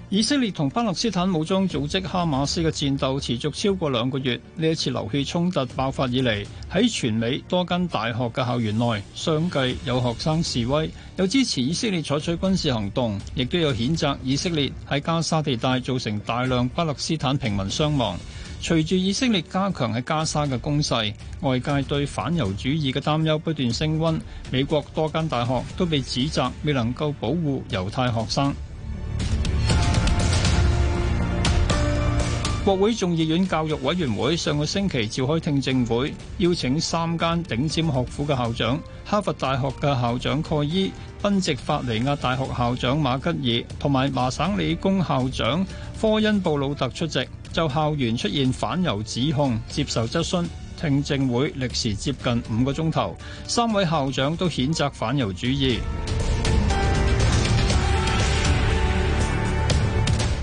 以色列同巴勒斯坦武裝組織哈馬斯嘅戰鬥持續超過兩個月。呢一次流血衝突爆發以嚟，喺全美多間大學嘅校園內，相繼有學生示威，有支持以色列採取軍事行動，亦都有譴責以色列喺加沙地帶造成大量巴勒斯坦平民傷亡。隨住以色列加強喺加沙嘅攻勢，外界對反猶主義嘅擔憂不斷升温。美國多間大學都被指責未能夠保護猶太學生。國會眾議院教育委員會上個星期召開聽證會，邀請三間頂尖學府嘅校長：哈佛大學嘅校長蓋伊，賓夕法尼亞大學校長馬吉爾，同埋麻省理工校長科恩布魯特出席，就校園出現反猶指控接受質詢。聽證會歷時接近五個鐘頭，三位校長都譴責反猶主義。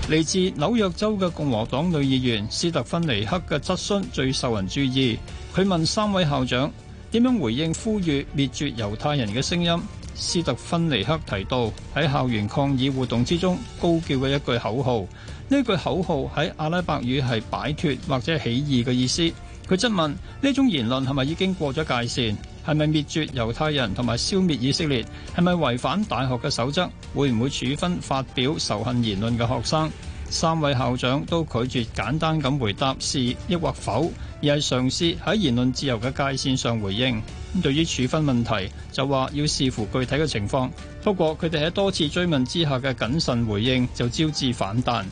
嚟自紐約州嘅共和黨女議員斯特芬尼克嘅質詢最受人注意。佢問三位校長點樣回應呼籲滅絕猶太人嘅聲音。斯特芬尼克提到喺校園抗議活動之中高叫嘅一句口號，呢句口號喺阿拉伯語係擺脱或者起義嘅意思。佢質問呢種言論係咪已經過咗界線？係咪滅絕猶太人同埋消滅以色列？係咪違反大學嘅守則？會唔會處分發表仇恨言論嘅學生？三位校長都拒絕簡單咁回答是抑或否，而係嘗試喺言論自由嘅界線上回應。咁對於處分問題，就話要視乎具體嘅情況。不過佢哋喺多次追問之下嘅謹慎回應，就招致反彈。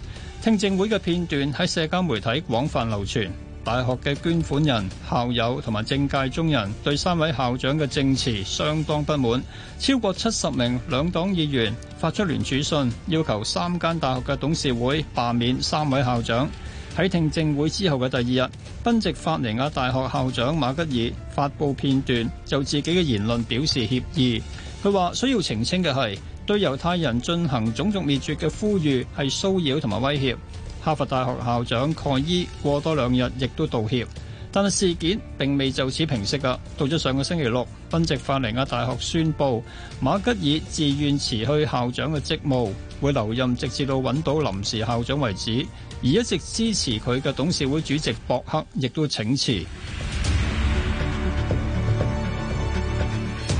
聽證會嘅片段喺社交媒體廣泛流傳。大學嘅捐款人、校友同埋政界中人對三位校長嘅證詞相當不滿，超過七十名兩黨議員發出聯署信，要求三間大學嘅董事會罷免三位校長。喺聽證會之後嘅第二日，賓夕法尼亞大學校長馬吉爾發布片段，就自己嘅言論表示歉意。佢話：需要澄清嘅係，對猶太人進行種族滅絕嘅呼籲係騷擾同埋威脅。哈佛大學校長蓋伊過多兩日，亦都道歉，但係事件並未就此平息啊。到咗上個星期六，賓夕法尼亞大學宣布，馬吉爾自願辭去校長嘅職務，會留任直至到揾到臨時校長為止。而一直支持佢嘅董事會主席博克亦都請辭。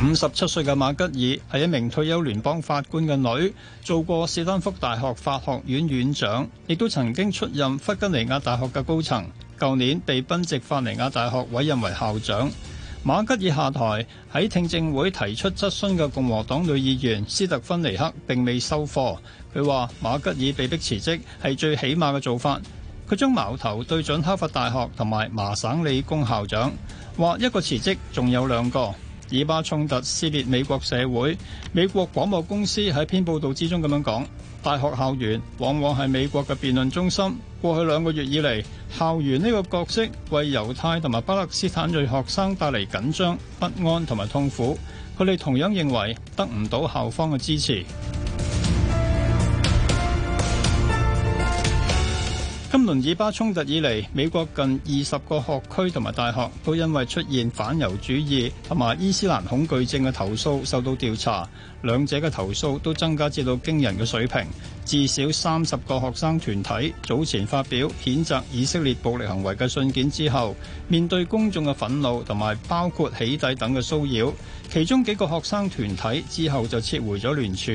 五十七歲嘅馬吉爾係一名退休聯邦法官嘅女，做過士丹福大學法學院院長，亦都曾經出任弗吉尼亞大學嘅高層。舊年被賓夕法尼亞大學委任為校長。馬吉爾下台，喺聽證會提出質詢嘅共和黨女議員斯特芬尼克，並未收貨。佢話馬吉爾被迫辭職係最起碼嘅做法。佢將矛頭對準哈佛大學同埋麻省理工校長，話一個辭職仲有兩個。以巴衝突撕裂美國社會。美國廣播公司喺篇報道之中咁樣講：大學校園往往係美國嘅辯論中心。過去兩個月以嚟，校園呢個角色為猶太同埋巴勒斯坦裔學生帶嚟緊張、不安同埋痛苦。佢哋同樣認為得唔到校方嘅支持。今輪以巴衝突以嚟，美國近二十個學區同埋大學都因為出現反猶主義同埋伊斯蘭恐懼症嘅投訴受到調查，兩者嘅投訴都增加至到驚人嘅水平。至少三十個學生團體早前發表譴責以色列暴力行為嘅信件之後，面對公眾嘅憤怒同埋包括起底等嘅騷擾，其中幾個學生團體之後就撤回咗聯署。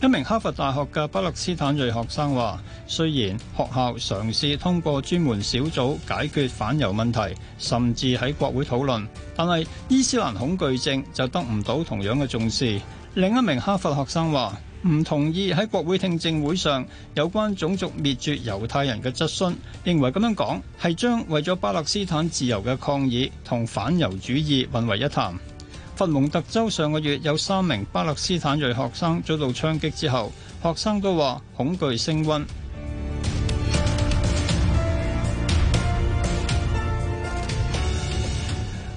一名哈佛大學嘅巴勒斯坦裔學生話：雖然學校嘗試通過專門小組解決反猶問題，甚至喺國會討論，但係伊斯蘭恐懼症就得唔到同樣嘅重視。另一名哈佛學生話：唔同意喺國會聽證會上有關種族滅絕猶太人嘅質詢，認為咁樣講係將為咗巴勒斯坦自由嘅抗議同反猶主義混為一談。佛蒙特州上個月有三名巴勒斯坦裔學生遭到槍擊之後，學生都話恐懼升溫。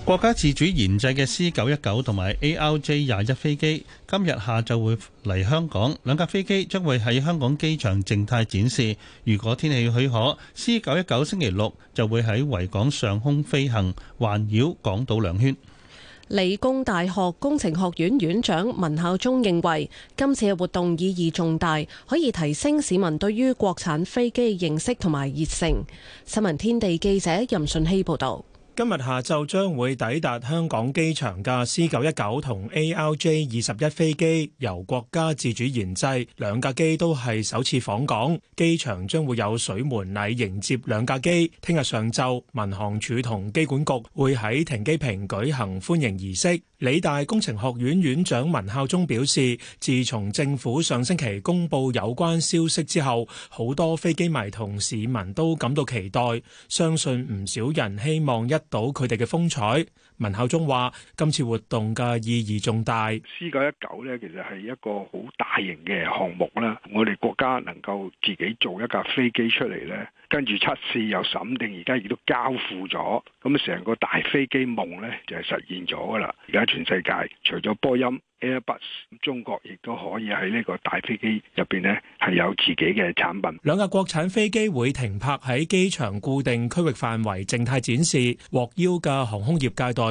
國家自主研製嘅 C 九一九同埋 ARJ 廿一飛機今日下晝會嚟香港，兩架飛機將會喺香港機場靜態展示。如果天氣許可，C 九一九星期六就會喺維港上空飛行，環繞港島兩圈。理工大學工程學院院長文孝忠認為，今次嘅活動意義重大，可以提升市民對於國產飛機認識同埋熱誠。新聞天地記者任順希報道。今日下晝將會抵達香港機場嘅 C 九一九同 ARJ 二十一飛機，由國家自主研製，兩架機都係首次訪港。機場將會有水門禮迎接兩架機。聽日上晝，民航處同機管局會喺停機坪舉行歡迎儀式。理大工程學院院長文孝忠表示，自從政府上星期公布有關消息之後，好多飛機迷同市民都感到期待，相信唔少人希望一睹佢哋嘅風采。文孝忠話今次活動嘅意義重大。C 九一九咧，其實係一個好大型嘅項目啦。我哋國家能夠自己做一架飛機出嚟咧，跟住測試又審定，而家亦都交付咗。咁啊成個大飛機夢咧，就係實現咗噶啦。而家全世界除咗波音、Airbus，中國亦都可以喺呢個大飛機入邊咧，係有自己嘅產品。兩架國產飛機會停泊喺機場固定區域範圍靜態展示，獲邀嘅航空業界代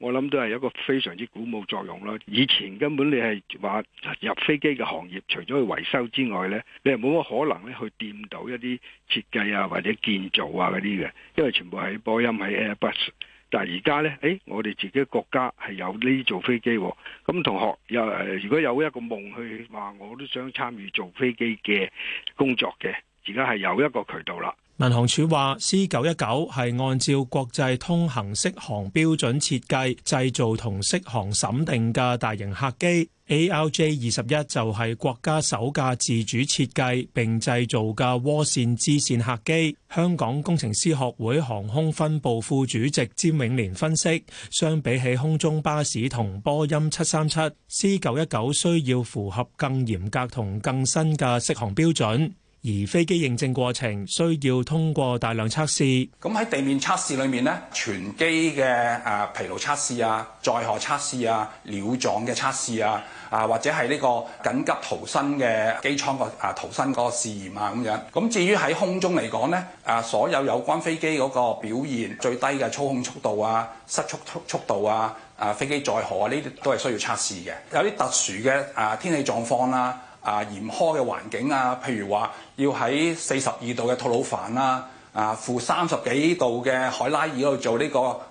我諗都係一個非常之鼓舞作用咯。以前根本你係話入飛機嘅行業，除咗去維修之外呢，你係冇乜可能咧去掂到一啲設計啊或者建造啊嗰啲嘅，因為全部喺波音喺 Airbus。Airbus, 但係而家呢，誒、哎，我哋自己國家係有呢啲做飛機、啊，咁同學有、呃、如果有一個夢去話，我都想參與做飛機嘅工作嘅，而家係有一個渠道啦。民航署話，C 九一九係按照國際通行適航標準設計、製造同適航審定嘅大型客機。ARJ 二十一就係國家首架自主設計並製造嘅渦扇支線客機。香港工程師學會航空分部副主席詹永年分析，相比起空中巴士同波音七三七，C 九一九需要符合更嚴格同更新嘅適航標準。而飛機認證過程需要通過大量測試。咁喺地面測試裏面呢，全機嘅誒疲勞測試啊、載荷測試啊、鳥撞嘅測試啊，啊或者係呢個緊急逃生嘅機艙個啊逃生嗰個試驗啊咁樣。咁至於喺空中嚟講呢，啊所有有關飛機嗰個表現，最低嘅操控速度啊、失速速速度啊、啊飛機載荷啊，呢啲都係需要測試嘅。有啲特殊嘅啊天氣狀況啦。啊嚴苛嘅環境啊，譬如話要喺四十二度嘅吐魯番啦，啊，啊負三十幾度嘅海拉爾嗰度做呢、這個。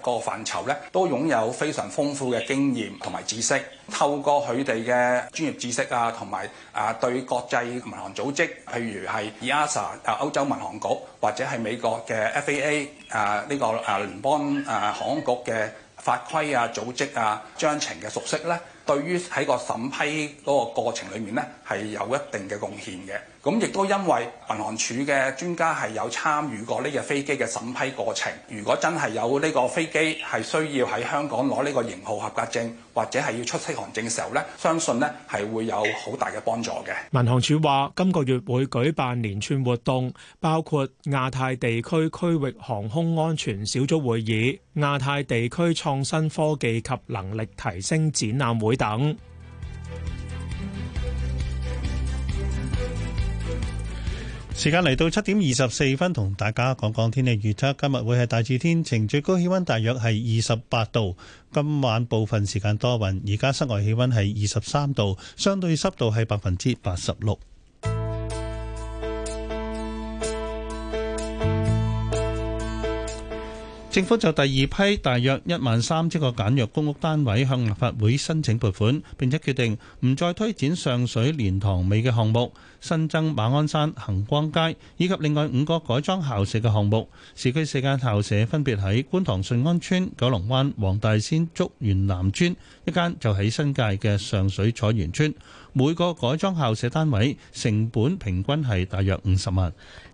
個範疇咧，都擁有非常豐富嘅經驗同埋知識。透過佢哋嘅專業知識啊，同埋啊對國際民航組織，譬如係 EASA 啊、歐洲民航局，或者係美國嘅 FAA 啊呢個啊聯邦啊航局嘅法規啊組織啊章程嘅熟悉咧，對於喺個審批嗰個過程裡面咧。係有一定嘅貢獻嘅，咁亦都因為民航處嘅專家係有參與過呢個飛機嘅審批過程。如果真係有呢個飛機係需要喺香港攞呢個型號合格證或者係要出適航證嘅時候咧，相信咧，係會有好大嘅幫助嘅。民航處話今個月會舉辦連串活動，包括亞太地區區域航空安全小組會議、亞太地區創新科技及能力提升展覽會等。時間嚟到七點二十四分，同大家講講天氣預測。今日會係大致天晴，最高氣溫大約係二十八度。今晚部分時間多雲。而家室外氣溫係二十三度，相對濕度係百分之八十六。政府就第二批大約一萬三千個簡約公屋單位向立法會申請撥款，並且決定唔再推展上水蓮塘尾嘅項目，新增馬鞍山恆光街以及另外五個改裝校舍嘅項目。市區四間校舍分別喺觀塘順安邨、九龍灣黃大仙竹園南邨，一間就喺新界嘅上水彩園邨。每個改裝校舍單位成本平均係大約五十萬。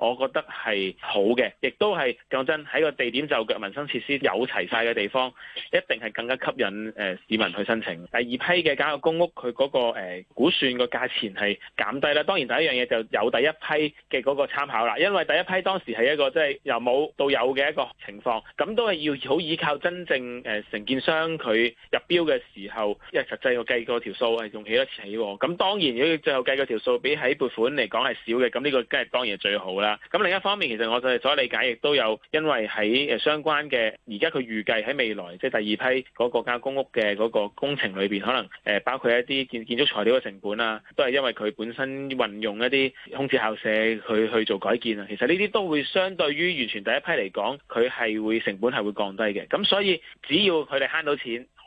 我覺得係好嘅，亦都係講真喺個地點就腳、民生設施有齊晒嘅地方，一定係更加吸引誒市民去申請。 第二批嘅郊野公屋，佢嗰、那個、呃、估算個價錢係減低啦。當然第一樣嘢就有第一批嘅嗰個參考啦，因為第一批當時係一個即係由冇到有嘅一個情況，咁都係要好依靠真正誒承建商佢入標嘅時候，因為實際個計過條數係用幾多起喎。咁、嗯、當然如果最後計過條數比喺撥款嚟講係少嘅，咁呢個梗係當然最好啦。咁另一方面，其實我就係所理解，亦都有因為喺誒相關嘅，而家佢預計喺未來即係、就是、第二批嗰個交公屋嘅嗰個工程裏邊，可能誒包括一啲建建築材料嘅成本啊，都係因為佢本身運用一啲空置校舍去去做改建啊。其實呢啲都會相對於完全第一批嚟講，佢係會成本係會降低嘅。咁所以只要佢哋慳到錢。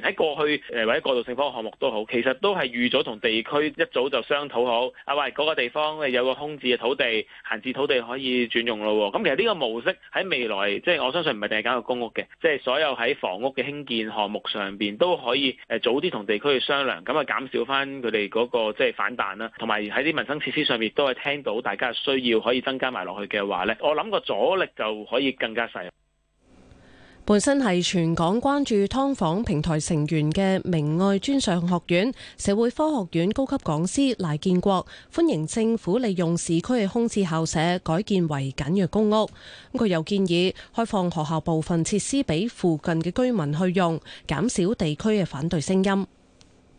喺過去誒或者過渡性房屋項目都好，其實都係預咗同地區一早就商討好啊！喂，嗰、那個地方有個空置嘅土地閒置土地可以轉用咯。咁、嗯、其實呢個模式喺未來，即係我相信唔係淨係一個公屋嘅，即係所有喺房屋嘅興建項目上邊都可以誒早啲同地區去商量，咁啊減少翻佢哋嗰個即係反彈啦。同埋喺啲民生設施上面都係聽到大家需要可以增加埋落去嘅話呢，我諗個阻力就可以更加細。本身係全港關注劏房平台成員嘅明愛專上學院社會科學院高級講師賴建國歡迎政府利用市區嘅空置校舍改建為簡約公屋。咁佢又建議開放學校部分設施俾附近嘅居民去用，減少地區嘅反對聲音。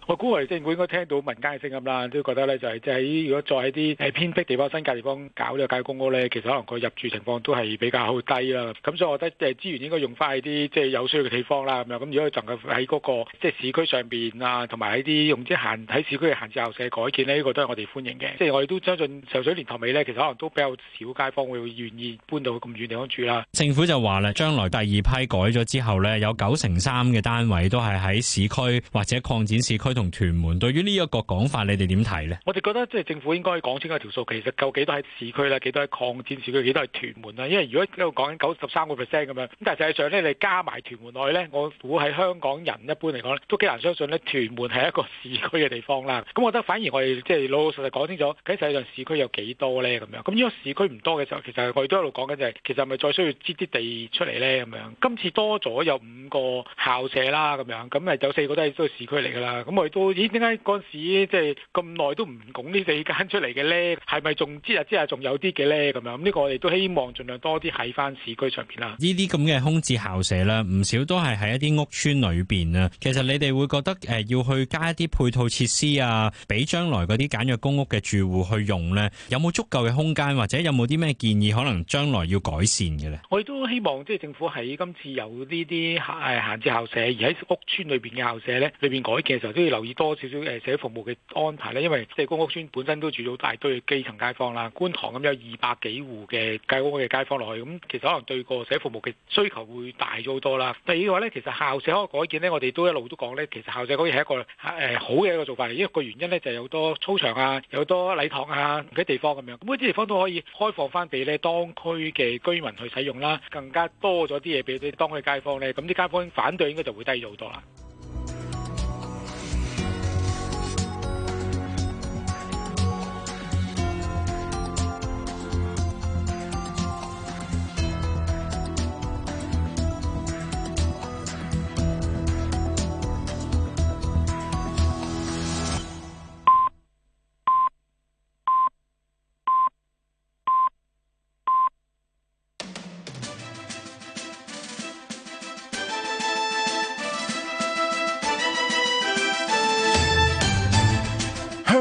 我估嚟，政府應該聽到民間嘅聲音啦，都覺得咧就係即係如果再喺啲誒偏僻地方、新界地方搞呢個街公屋咧，其實可能個入住情況都係比較低啦。咁所以，我覺得誒資源應該用返喺啲即係有需要嘅地方啦。咁樣，咁如果佢能夠喺嗰個即係、就是、市區上邊啊，同埋喺啲用啲限、喺市區嘅閒置校舍改建咧，呢、呢個都係我哋歡迎嘅。即係我哋都相信上水蓮塘尾咧，其實可能都比較少街坊會願意搬到咁遠地方住啦。政府就話咧，將來第二批改咗之後咧，有九成三嘅單位都係喺市區或者擴展市區。同屯門對於呢一個講法，你哋點睇咧？我哋覺得即係政府應該講清楚條數，其實究竟幾多喺市區咧，幾多喺擴展市區，幾多係屯門咧？因為如果一路講緊九十三個 percent 咁樣，咁但係實際上咧，你加埋屯門內咧，我估喺香港人一般嚟講都幾難相信咧屯門係一個市區嘅地方啦。咁我覺得反而我哋即係老老實實講清楚，其實喺市區有幾多咧咁樣？咁因為市區唔多嘅時候，其實我哋都一路講緊就係，其實咪再需要擠啲地出嚟咧咁樣。今次多咗有五個校舍啦，咁樣咁咪有四個都係都市區嚟㗎啦。咁都咦？點解嗰陣時即係咁耐都唔拱呢四間出嚟嘅咧？係咪仲知啊知啊？仲有啲嘅咧咁樣？咁呢個我哋都希望盡量多啲喺翻市區上邊啦。呢啲咁嘅空置校舍咧，唔少都係喺一啲屋村裏邊啊。其實你哋會覺得誒，要去加一啲配套設施啊，俾將來嗰啲簡約公屋嘅住戶去用咧，有冇足夠嘅空間，或者有冇啲咩建議，可能將來要改善嘅咧？我哋都希望即係政府喺今次有呢啲誒閒置校舍，而喺屋村裏邊嘅校舍咧，裏邊改嘅時候都要。留意多少少誒社服務嘅安排咧，因為即係公屋村本身都住咗大堆嘅基層街坊啦，觀塘咁有二百幾戶嘅居屋嘅街坊落去，咁其實可能對個社服務嘅需求會大咗好多啦。第二個話咧，其實校舍嗰個改建咧，我哋都一路都講咧，其實校舍可以係一個誒、呃、好嘅一個做法嚟，因為個原因咧就係有好多操場啊、有好多禮堂啊嗰啲地方咁樣，咁嗰啲地方都可以開放翻俾咧當區嘅居民去使用啦，更加多咗啲嘢俾啲當區街坊咧，咁啲街坊反對應該就會低咗好多啦。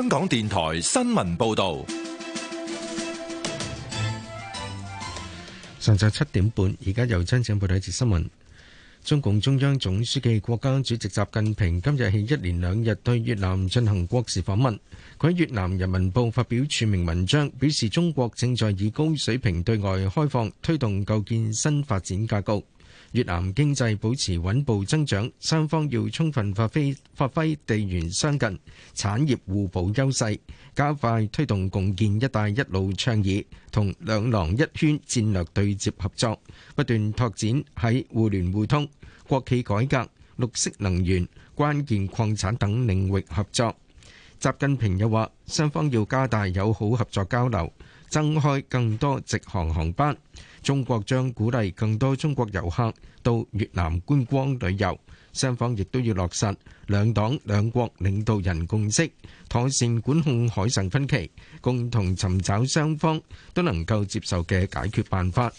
香港電台新聞報道，上晝七點半，而家由真正報道一節新聞。中共中央總書記、國家主席習近平今日起一連兩日對越南進行國事訪問。佢喺越南《人民報》發表署名文章，表示中國正在以高水平對外開放，推動構建新發展格局。越南經濟保持穩步增長，雙方要充分發揮發揮地緣相近、產業互補優勢，加快推動共建「一帶一路」倡議，同兩廊一圈戰略對接合作，不斷拓展喺互聯互通、國企改革、綠色能源、關鍵礦產等領域合作。習近平又話，雙方要加大友好合作交流，增開更多直航航班。中國將鼓勵更多中國遊客到越南觀光旅遊，雙方亦都要落實兩黨兩國領導人共識，妥善管控海上分歧，共同尋找雙方都能夠接受嘅解決辦法。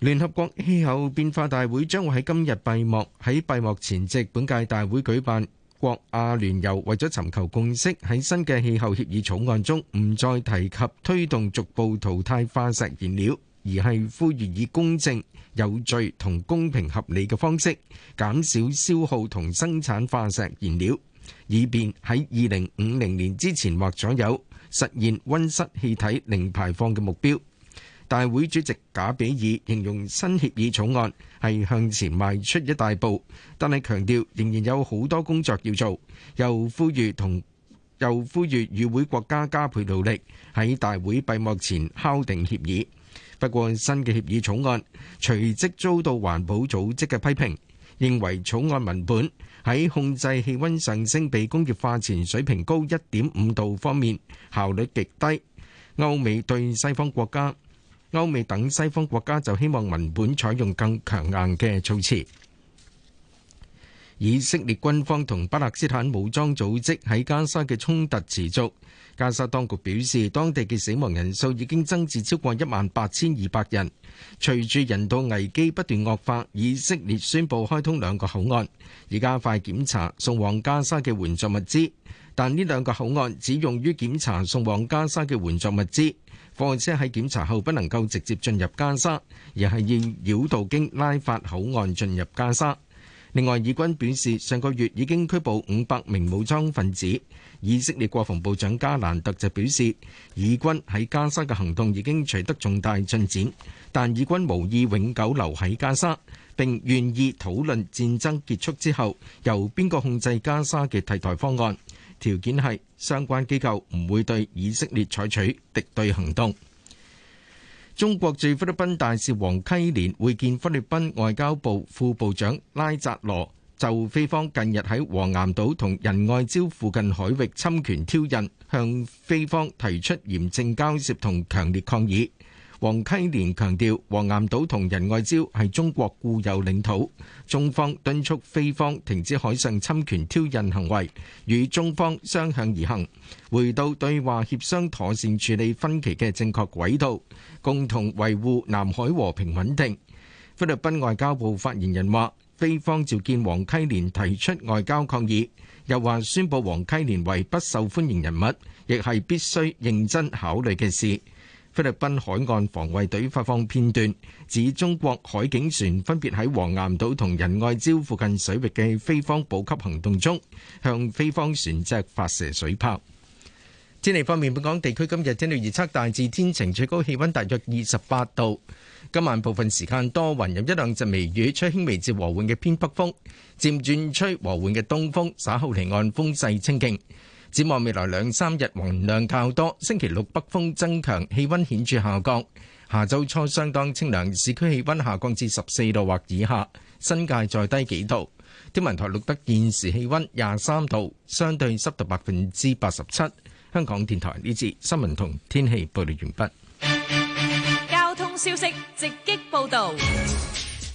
聯合國氣候變化大會將會喺今日閉幕，喺閉幕前夕本屆大會舉辦國阿聯酋為咗尋求共識，喺新嘅氣候協議草案中，唔再提及推動逐步淘汰化石燃料，而係呼籲以公正、有序同公平合理嘅方式，減少消耗同生產化石燃料，以便喺二零五零年之前或左右實現溫室氣體零排放嘅目標。大會主席賈比爾形容新協議草案係向前邁出一大步，但係強調仍然有好多工作要做，又呼籲同又呼籲與會國家加倍努力，喺大會閉幕前敲定協議。不過，新嘅協議草案隨即遭到環保組織嘅批評，認為草案文本喺控制氣溫上升比工業化前水平高一點五度方面效率極低。歐美對西方國家。歐美等西方國家就希望文本採用更強硬嘅措辭。以色列軍方同巴勒斯坦武裝組織喺加沙嘅衝突持續。加沙當局表示，當地嘅死亡人數已經增至超過一萬八千二百人。隨住人道危機不斷惡化，以色列宣布開通兩個口岸，以加快檢查送往加沙嘅援助物資。但呢兩個口岸只用於檢查送往加沙嘅援助物資。貨車喺檢查後不能夠直接進入加沙，而係要繞道經拉法口岸進入加沙。另外，以軍表示上個月已經拘捕五百名武裝分子。以色列國防部長加蘭特就表示，以軍喺加沙嘅行動已經取得重大進展，但以軍無意永久留喺加沙，並願意討論戰爭結束之後由邊個控制加沙嘅替代方案。條件係相關機構唔會對以色列採取敵對行動。中國駐菲律賓大使黃溪連會見菲律賓外交部副部長拉扎羅，就菲方近日喺黃岩島同仁愛礁附近海域侵權挑釁，向菲方提出嚴正交涉同強烈抗議。黃溪連強調，黃岩島同仁愛礁係中國固有領土，中方敦促菲方停止海上侵權挑釁行為，與中方相向而行，回到對話協商妥善處理分歧嘅正確軌道，共同維護南海和平穩定。菲律賓外交部發言人話，菲方召見黃溪連提出外交抗議，又話宣布黃溪連為不受歡迎人物，亦係必須認真考慮嘅事。菲律賓海岸防衛隊發放片段，指中國海警船分別喺黃岩島同仁愛礁附近水域嘅菲方補給行動中，向菲方船隻發射水炮。天氣方面，本港地區今日天氣預測大致天晴，最高氣温大約二十八度。今晚部分時間多雲，有一兩陣微雨，吹輕微至和緩嘅偏北風，漸轉吹和緩嘅東風，稍後離岸風勢清勁。展望未來兩三日雲量較多，星期六北風增強，氣溫顯著下降。下周初相當清涼，市區氣溫下降至十四度或以下，新界再低幾度。天文台錄得現時氣溫廿三度，相對濕度百分之八十七。香港電台呢節新聞同天氣報道完畢。交通消息直擊報道。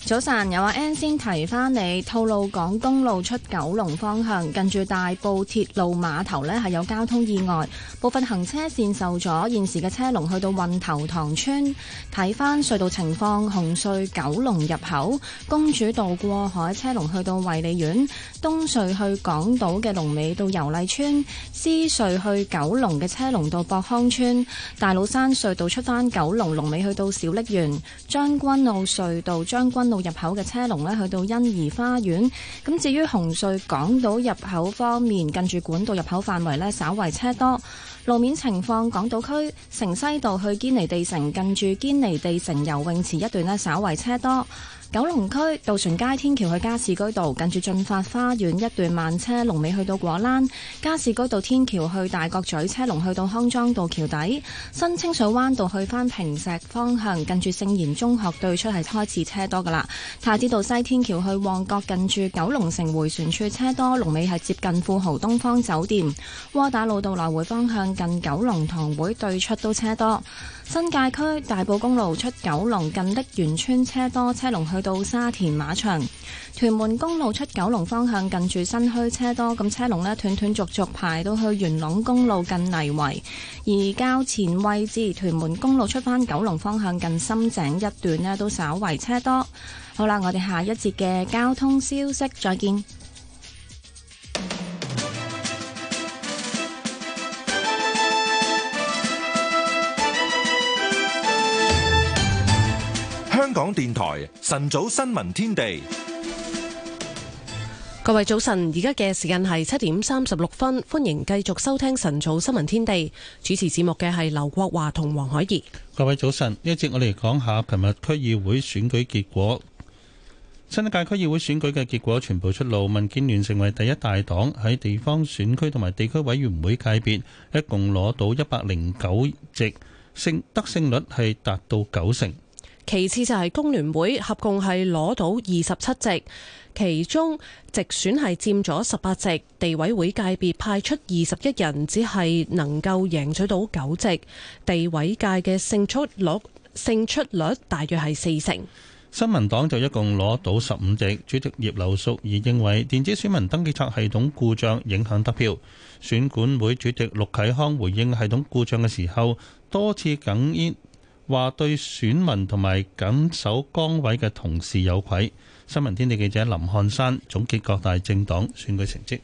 早晨，有啊，N 先提翻你，吐露港公路出九龍方向，近住大埔鐵路碼頭呢係有交通意外，部分行車線受阻，現時嘅車龍去到運頭塘村。睇翻隧道情況，紅隧九龍入口，公主道過海車龍去到惠利園，東隧去港島嘅龍尾到油麗村，獅隧去九龍嘅車龍到博康村，大老山隧道出翻九龍龍尾去到小瀝源，將軍澳隧道將軍。路入口嘅車龍咧，去到欣怡花園。咁至於紅隧港島入口方面，近住管道入口範圍咧，稍為車多。路面情況，港島區城西道去堅尼地城，近住堅尼地城游泳池一段咧，稍為車多。九龍區渡船街天橋去加士居道，近住駿發花園一段慢車，龍尾去到果欄；加士居道天橋去大角咀，車龍去到康莊道橋底；新清水灣道去返坪石方向，近住聖賢中學對出係開始車多噶啦；太子道西天橋去旺角，近住九龍城迴旋處車多，龍尾係接近富豪東方酒店；窩打老道來回方向近九龍塘會對出都車多。新界區大埔公路出九龍近的圓村車多，車龍去到沙田馬場；屯門公路出九龍方向近住新墟車多，咁車龍呢斷斷斷續續排到去元朗公路近泥圍。而較前位置屯門公路出返九龍方向近深井一段呢，都稍為車多。好啦，我哋下一節嘅交通消息，再見。香港電台晨早新聞天地，各位早晨，而家嘅時間係七點三十六分，歡迎繼續收聽晨早新聞天地。主持節目嘅係劉國華同黃海怡。各位早晨，呢一節我哋講下琴日區議會選舉結果，新一屆區議會選舉嘅結果全部出爐，民建聯成為第一大黨，喺地方選區同埋地區委員會界別，一共攞到一百零九席，勝得勝率係達到九成。其次就係工聯會合共係攞到二十七席，其中直選係佔咗十八席。地委會界別派出二十一人，只係能夠贏取到九席。地委界嘅勝出率、勝出率大約係四成。新民黨就一共攞到十五席。主席葉劉淑儀認為電子選民登記冊系統故障影響得票。選管會主席陸啟康回應系統故障嘅時候，多次哽咽。話對選民同埋緊守崗位嘅同事有愧。新聞天地記者林漢山總結各大政黨選舉成績。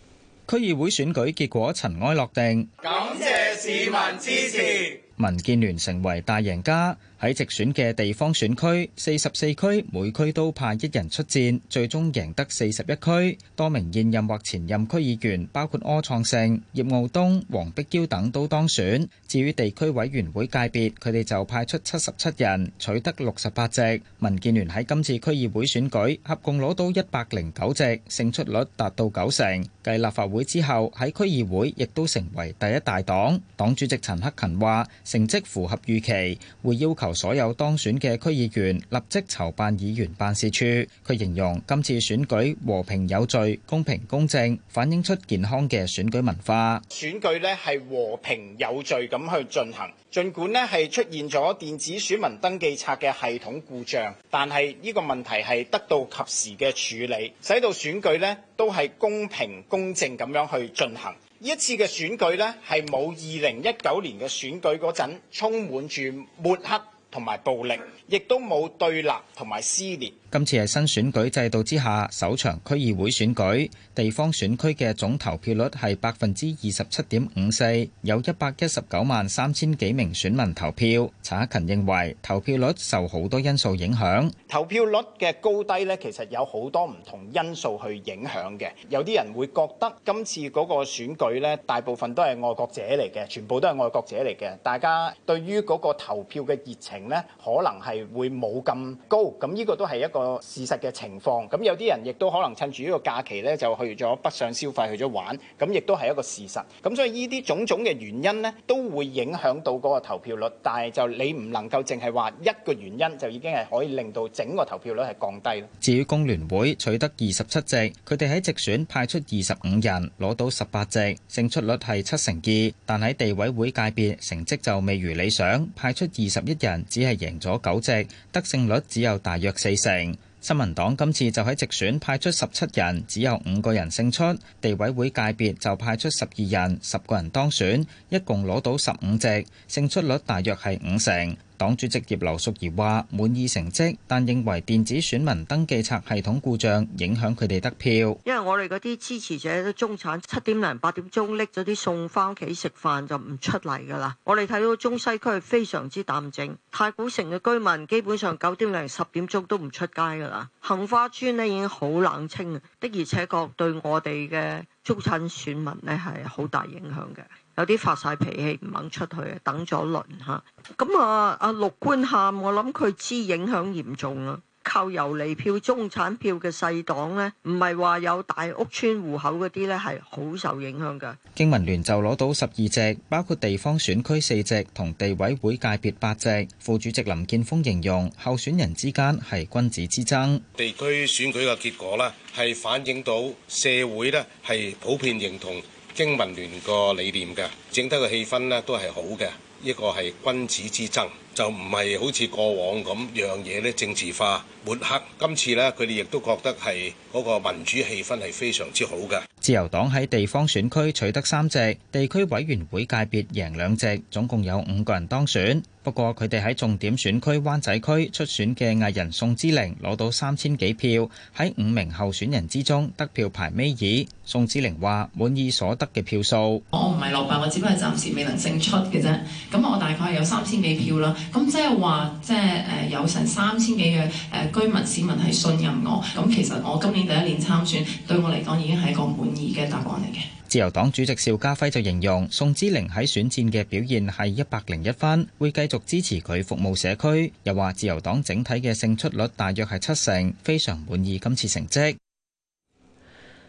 區議會選舉結果塵埃落定，感謝市民支持。民建聯成為大贏家，喺直選嘅地方選區，四十四區每區都派一人出戰，最終贏得四十一區。多名現任或前任區議員，包括柯創盛、葉傲東、黃碧嬌等都當選。至於地區委員會界別，佢哋就派出七十七人，取得六十八席。民建聯喺今次區議會選舉合共攞到一百零九席，勝出率達到九成，繼立法會之後喺區議會亦都成為第一大黨。黨主席陳克勤話。成績符合預期，會要求所有當選嘅區議員立即籌辦議員辦事處。佢形容今次選舉和平有序、公平公正，反映出健康嘅選舉文化。選舉呢係和平有序咁去進行，儘管呢係出現咗電子選民登記冊嘅系統故障，但係呢個問題係得到及時嘅處理，使到選舉呢都係公平公正咁樣去進行。呢一次嘅選舉咧，係冇二零一九年嘅選舉嗰陣充滿住抹黑同埋暴力，亦都冇對立同埋撕裂。今次係新選舉制度之下首場區議會選舉，地方選區嘅總投票率係百分之二十七點五四，有一百一十九萬三千幾名選民投票。查勤認為投票率受好多因素影響，投票率嘅高低咧，其實有好多唔同因素去影響嘅。有啲人會覺得今次嗰個選舉咧，大部分都係愛國者嚟嘅，全部都係愛國者嚟嘅，大家對於嗰個投票嘅熱情咧，可能係會冇咁高。咁呢個都係一個。個事實嘅情況，咁有啲人亦都可能趁住呢個假期呢，就去咗北上消費，去咗玩，咁亦都係一個事實。咁所以呢啲種種嘅原因呢，都會影響到嗰個投票率。但係就你唔能夠淨係話一個原因，就已經係可以令到整個投票率係降低咯。至於工聯會取得二十七席，佢哋喺直選派出二十五人，攞到十八席，勝出率係七成二。但喺地委會界別成績就未如理想，派出二十一人，只係贏咗九席，得勝率只有大約四成。新民黨今次就喺直選派出十七人，只有五個人勝出；地委會界別就派出十二人，十個人當選，一共攞到十五席，勝出率大約係五成。黨主席葉劉淑儀話滿意成績，但認為電子選民登記冊系統故障影響佢哋得票。因為我哋嗰啲支持者都中產，七點零八點鐘拎咗啲餸翻屋企食飯就唔出嚟噶啦。我哋睇到中西區非常之淡靜，太古城嘅居民基本上九點零十點鐘都唔出街噶啦。杏花村呢，已經好冷清，的而且確對我哋嘅中產選民呢係好大影響嘅。有啲發晒脾氣唔肯出去，等咗輪吓。咁啊，阿陸官喊，我諗佢知影響嚴重啦。靠遊離票、中產票嘅細黨咧，唔係話有大屋邨戶口嗰啲咧，係好受影響嘅。經民聯就攞到十二席，包括地方選區四席同地委會界別八席。副主席林建峰形容候選人之間係君子之爭。地區選舉嘅結果咧，係反映到社會咧係普遍認同。經文聯個理念嘅，整體個氣氛咧都係好嘅，一個係君子之爭。就唔係好似過往咁樣嘢咧，政治化抹黑，今次呢，佢哋亦都覺得係嗰個民主氣氛係非常之好嘅。自由黨喺地方選區取得三席，地區委員會界別贏兩席，總共有五個人當選。不過佢哋喺重點選區灣仔區出選嘅藝人宋芝齡攞到三千幾票，喺五名候選人之中得票排尾二。宋芝齡話滿意所得嘅票數，我唔係落敗，我只不過係暫時未能勝出嘅啫。咁我大概有三千幾票啦。咁即係話，即係誒有成三千幾嘅誒居民市民係信任我，咁、呃、其實我今年第一年參選，對我嚟講已經係一個滿意嘅答案嚟嘅。自由黨主席邵家輝就形容宋之瑩喺選戰嘅表現係一百零一分，會繼續支持佢服務社區，又話自由黨整體嘅勝出率大約係七成，非常滿意今次成績。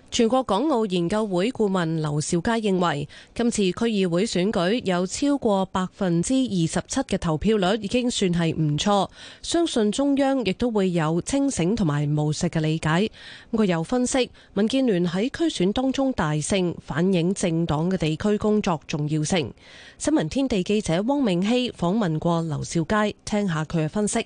全國港澳研究會顧問劉兆佳認為，今次區議會選舉有超過百分之二十七嘅投票率已經算係唔錯，相信中央亦都會有清醒同埋務實嘅理解。咁佢又分析，民建聯喺區選當中大勝，反映政黨嘅地區工作重要性。新聞天地記者汪明熙訪問過劉兆佳，聽下佢嘅分析。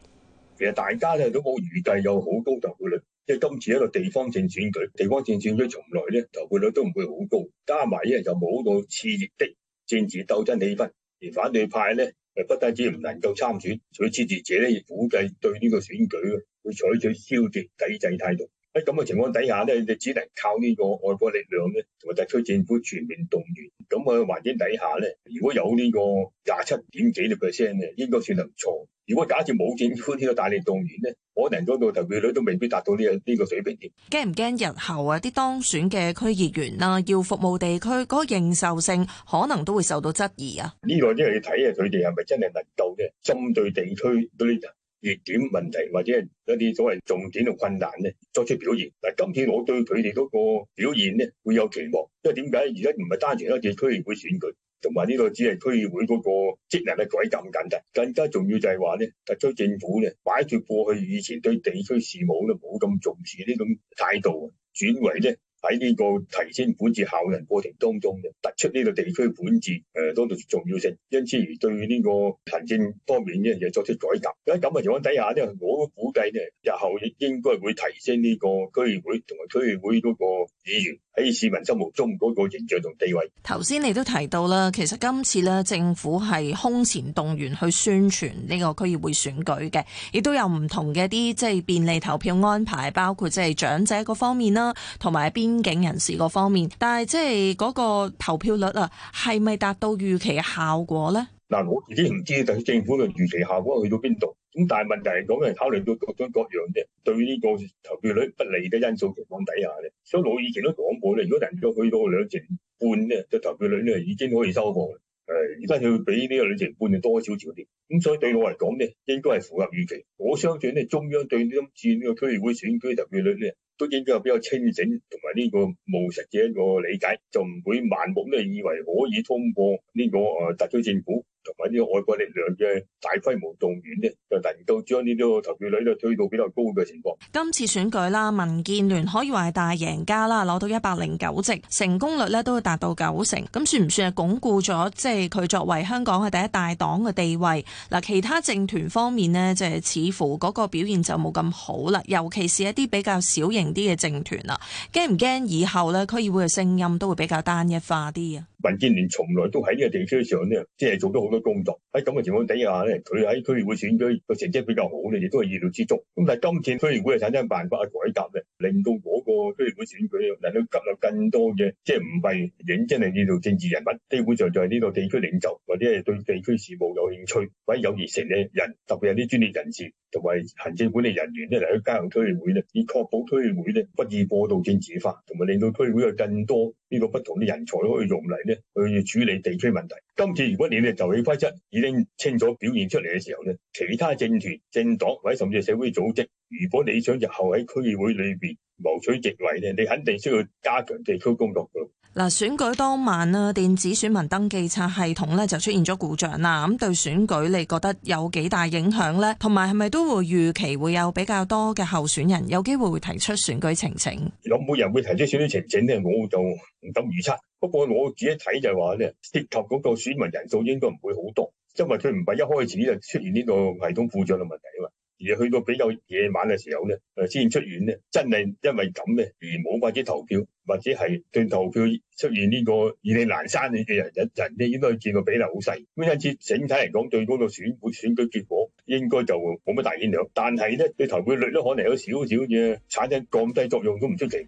其實大家咧都冇預計有好高投票率。即係今次一個地方性選，選舉，地方性選，選舉從來咧投票率都唔會好高，加埋咧就冇個刺激的政治鬥爭氣氛，而反對派咧誒不單止唔能夠參選，所以支持者咧亦估計對呢個選舉會採取消極抵制態度。喺咁嘅情況底下咧，你只能靠呢個外國力量咧，同埋特區政府全面動員。咁嘅環境底下咧，如果有呢個廿七點幾六 percent 咧，應該算係唔錯。如果假設冇政府呢個大力動員咧，可能嗰個投票率都未必達到呢個呢個水平添。驚唔驚日後啊，啲當選嘅區議員啊，要服務地區嗰個認受性，可能都會受到質疑啊？呢個都要睇下佢哋係咪真係能夠嘅針對地區啲人？熱點問題或者係一啲所謂重點同困難咧，作出表現。嗱，今天我對佢哋嗰個表現咧，會有期望，因為點解而家唔係單純一次區議會選舉，同埋呢個只係區議會嗰個職能嘅改革。咁簡單，更加重要就係話咧，特區政府嘅擺脫過去以前對地區事務咧冇咁重視呢種態度，轉為咧。喺呢個提升本治效能過程當中，突出呢個地區本治誒當中重要性，因此而對呢個行政方面咧，呢樣嘢、就是、作出改革。喺咁嘅情況底下咧，我估計咧，日後應該會提升呢個區議會同埋區議會嗰個議員。喺市民心目中嗰個形象同地位。頭先你都提到啦，其實今次咧政府係空前動員去宣傳呢個區議會選舉嘅，亦都有唔同嘅一啲即係便利投票安排，包括即係長者嗰方面啦，同埋邊境人士嗰方面。但係即係嗰個投票率啊，係咪達到預期嘅效果咧？嗱，我自己唔知，但係政府嘅預期效果去到邊度？咁但係問題嚟講咧，考慮到各種各樣啫，對呢個投票率不利嘅因素情況底下咧，所以我以前都講過咧，如果人哋都去到兩成半咧，嘅投票率咧已經可以收貨誒，而家佢會比呢個兩成半就多少少啲，咁所以對我嚟講咧，應該係符合預期。我相信咧，中央對今次呢個區議會選舉投票率咧，都應該係比較清醒同埋呢個務實嘅一個理解，就唔會盲目咧以為可以通過呢個誒特區政府。同埋呢個外國力量嘅大規模動員咧，就能夠將呢啲個投票率都推到比較高嘅情況。今次選舉啦，民建聯可以話係大贏家啦，攞到一百零九席，成功率呢都會達到九成。咁算唔算係鞏固咗即係佢作為香港嘅第一大黨嘅地位？嗱，其他政團方面呢，即係似乎嗰個表現就冇咁好啦，尤其是一啲比較小型啲嘅政團啦，驚唔驚以後呢區議會嘅聲音都會比較單一化啲啊？民建聯從來都喺呢個地區上咧，即係做咗好多工作。喺咁嘅情況底下咧，佢喺區議會選舉個成績比較好咧，亦都係意料之中。咁但係今次區議會產生辦法嘅改革咧，令到嗰個區議會選舉嚟到吸引更多嘅，即係唔係認真係呢度政治人物，基本上就係呢度地區領袖或者係對地區事務有興趣或者有熱誠嘅人，特別係啲專業人士。同埋行政管理人員咧嚟去加入區議會咧，以確保區議會咧不易過度政治化，同埋令到區議會有更多呢個不同嘅人才可以用嚟咧去處理地區問題。今次如果你哋就喺規則已經清楚表現出嚟嘅時候咧，其他政團、政黨或者甚至社會組織，如果你想日後喺區議會裏邊謀取席位咧，你肯定需要加強地區工作嘅。嗱，選舉當晚啦，電子選民登記冊系統咧就出現咗故障啦，咁對選舉你覺得有幾大影響咧？同埋係咪都會預期會有比較多嘅候選人有機會會提出選舉呈請？有冇人會提出選舉呈請咧，我就唔敢預測。不過我自己睇就係話咧，涉及嗰個選民人數應該唔會好多，因為佢唔係一開始就出現呢個系統故障嘅問題啊嘛。而去到比較夜晚嘅時候咧，誒先出現咧，真係因為咁咧，而冇或者投票或者係對投票出現呢個你零生你嘅人，人應該都見到比例好細。咁因此整體嚟講，對嗰個選選舉結果應該就冇乜大影響。但係咧，對投票率咧，可能有少少嘅產生降低作用都唔出奇。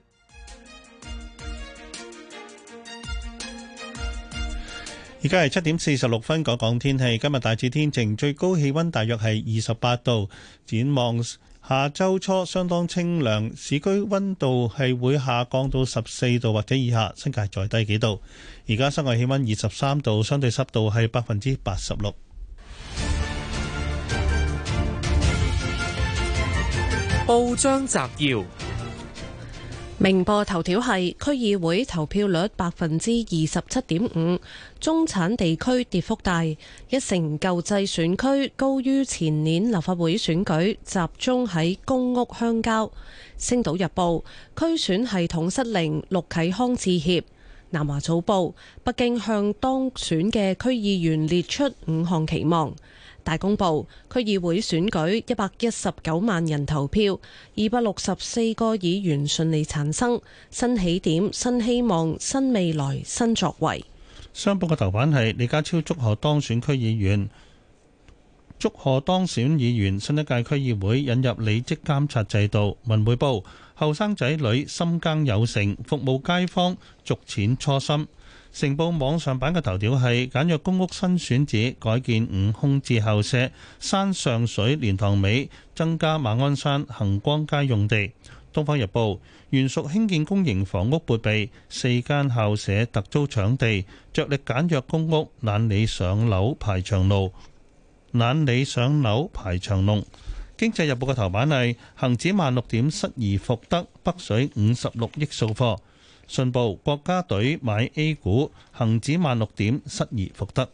而家係七點四十六分，講講天氣。今日大致天晴，最高氣溫大約係二十八度。展望下周初相當清涼，市區温度係會下降到十四度或者以下，新界再低幾度。而家室外氣溫二十三度，相對濕度係百分之八十六。報章摘要。明報，頭條係區議會投票率百分之二十七點五，中產地區跌幅大，一成舊制選區高於前年立法會選舉，集中喺公屋鄉郊。星島日報，區選系統失靈，陸啟康致歉。南華早報，北京向當選嘅區議員列出五項期望。大公報區議會選舉，一百一十九萬人投票，二百六十四個議員順利產生，新起點、新希望、新未來、新作為。商報嘅頭版係李家超祝賀當選區議員，祝賀當選議員。新一屆區議會引入履職監察制度。文匯報後生仔女深耕有成，服務街坊逐淺初心。成報網上版嘅頭條係簡約公屋新選址，改建五空置校舍。山上水蓮塘尾增加馬鞍山恆光街用地。東方日報原屬興建公營房屋撥備四間校舍特租搶地，着力簡約公屋，懶理上樓排長龍，懶理上樓排長龍。經濟日報嘅頭版係恆指萬六點失而復得，北水五十六億掃貨。信報國家隊買 A 股，恒指萬六點，失而復得。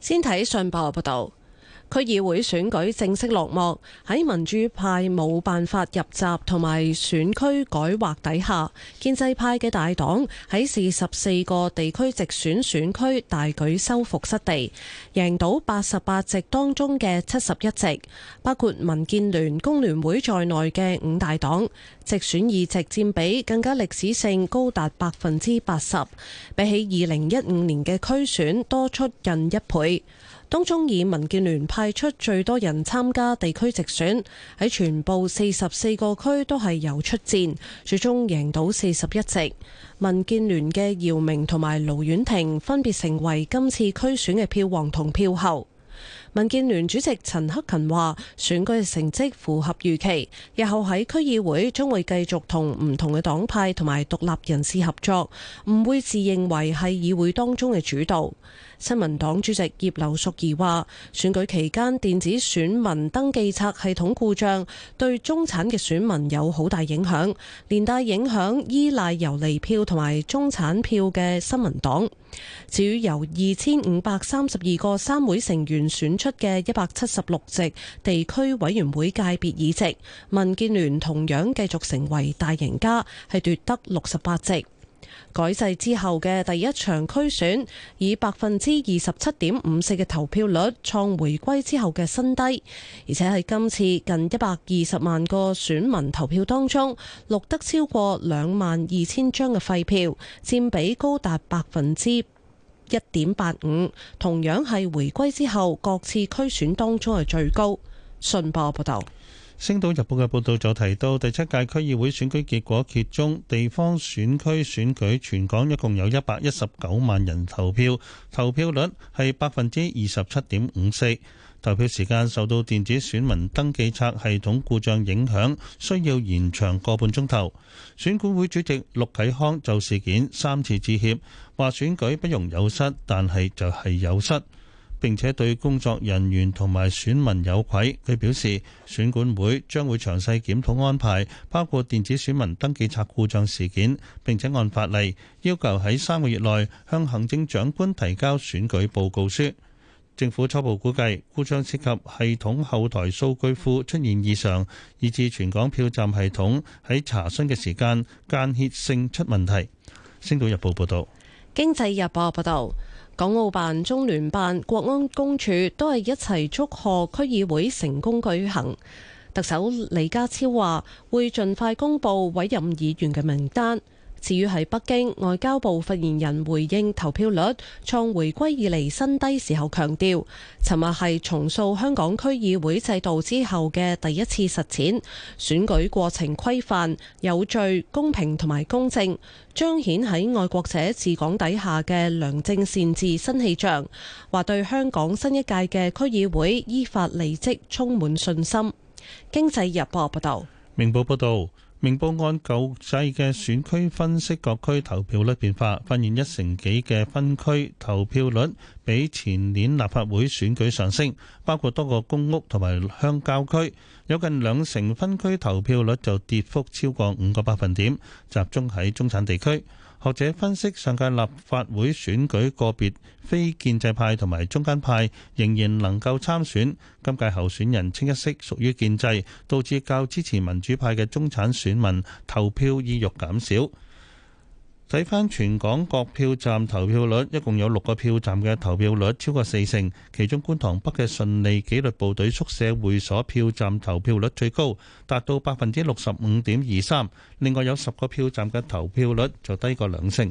先睇信報報道。區議會選舉正式落幕，喺民主派冇辦法入閘同埋選區改劃底下，建制派嘅大黨喺四十四個地區直選選區大舉收復失地，贏到八十八席當中嘅七十一席，包括民建聯、工聯會在內嘅五大黨，直選議席佔比更加歷史性高達百分之八十，比起二零一五年嘅區選多出近一倍。當中以民建聯派出最多人參加地區直選，喺全部四十四個區都係有出戰，最終贏到四十一席。民建聯嘅姚明同埋盧婉婷分別成為今次區選嘅票王同票后。民建聯主席陳克勤話：選舉嘅成績符合預期，日後喺區議會將會繼續同唔同嘅黨派同埋獨立人士合作，唔會自認為係議會當中嘅主導。新民黨主席葉劉淑儀話：選舉期間電子選民登記冊系統故障，對中產嘅選民有好大影響，連帶影響依賴游離票同埋中產票嘅新民黨。至於由二千五百三十二個三會成員選出嘅一百七十六席地區委員會界別議席，民建聯同樣繼續成為大贏家，係奪得六十八席。改制之後嘅第一場區選，以百分之二十七點五四嘅投票率創回歸之後嘅新低，而且喺今次近一百二十萬個選民投票當中，錄得超過兩萬二千張嘅廢票，佔比高達百分之一點八五，同樣係回歸之後各次區選當中係最高。信報報道。星島日報嘅報道就提到，第七屆區議會選舉結果揭盅，地方選區選舉全港一共有一百一十九萬人投票，投票率係百分之二十七點五四。投票時間受到電子選民登記冊系統故障影響，需要延長個半鐘頭。選管會主席陸啟康就事件三次致歉，話選舉不容有失，但係就係有失。並且對工作人員同埋選民有愧，佢表示選管會將會詳細檢討安排，包括電子選民登記冊故障事件，並且按法例要求喺三個月內向行政長官提交選舉報告書。政府初步估計，故障涉及系統後台數據庫出現異常，以致全港票站系統喺查詢嘅時間間歇性出問題。星島日報報道，經濟日報報道。港澳辦、中聯辦、國安公署都係一齊祝賀區議會成功舉行。特首李家超話會盡快公布委任議員嘅名單。至於喺北京，外交部發言人回應投票率創回歸以嚟新低時候，強調：尋日係重塑香港區議會制度之後嘅第一次實踐，選舉過程規範、有序、公平同埋公正，彰顯喺愛國者治港底下嘅良政善治新氣象。話對香港新一屆嘅區議會依法履職充滿信心。經濟日報報道。明報報導。明報按舊制嘅選區分析各區投票率變化，發現一成幾嘅分區投票率比前年立法會選舉上升，包括多個公屋同埋鄉郊區，有近兩成分區投票率就跌幅超過五個百分點，集中喺中產地區。學者分析，上屆立法會選舉個別非建制派同埋中間派仍然能夠參選，今屆候選人清一色屬於建制，導致較支持民主派嘅中產選民投票意欲減少。睇翻全港各票站投票率，一共有六個票站嘅投票率超過四成，其中觀塘北嘅順利紀律部隊宿舍會所票站投票率最高，達到百分之六十五點二三。另外有十個票站嘅投票率就低過兩成。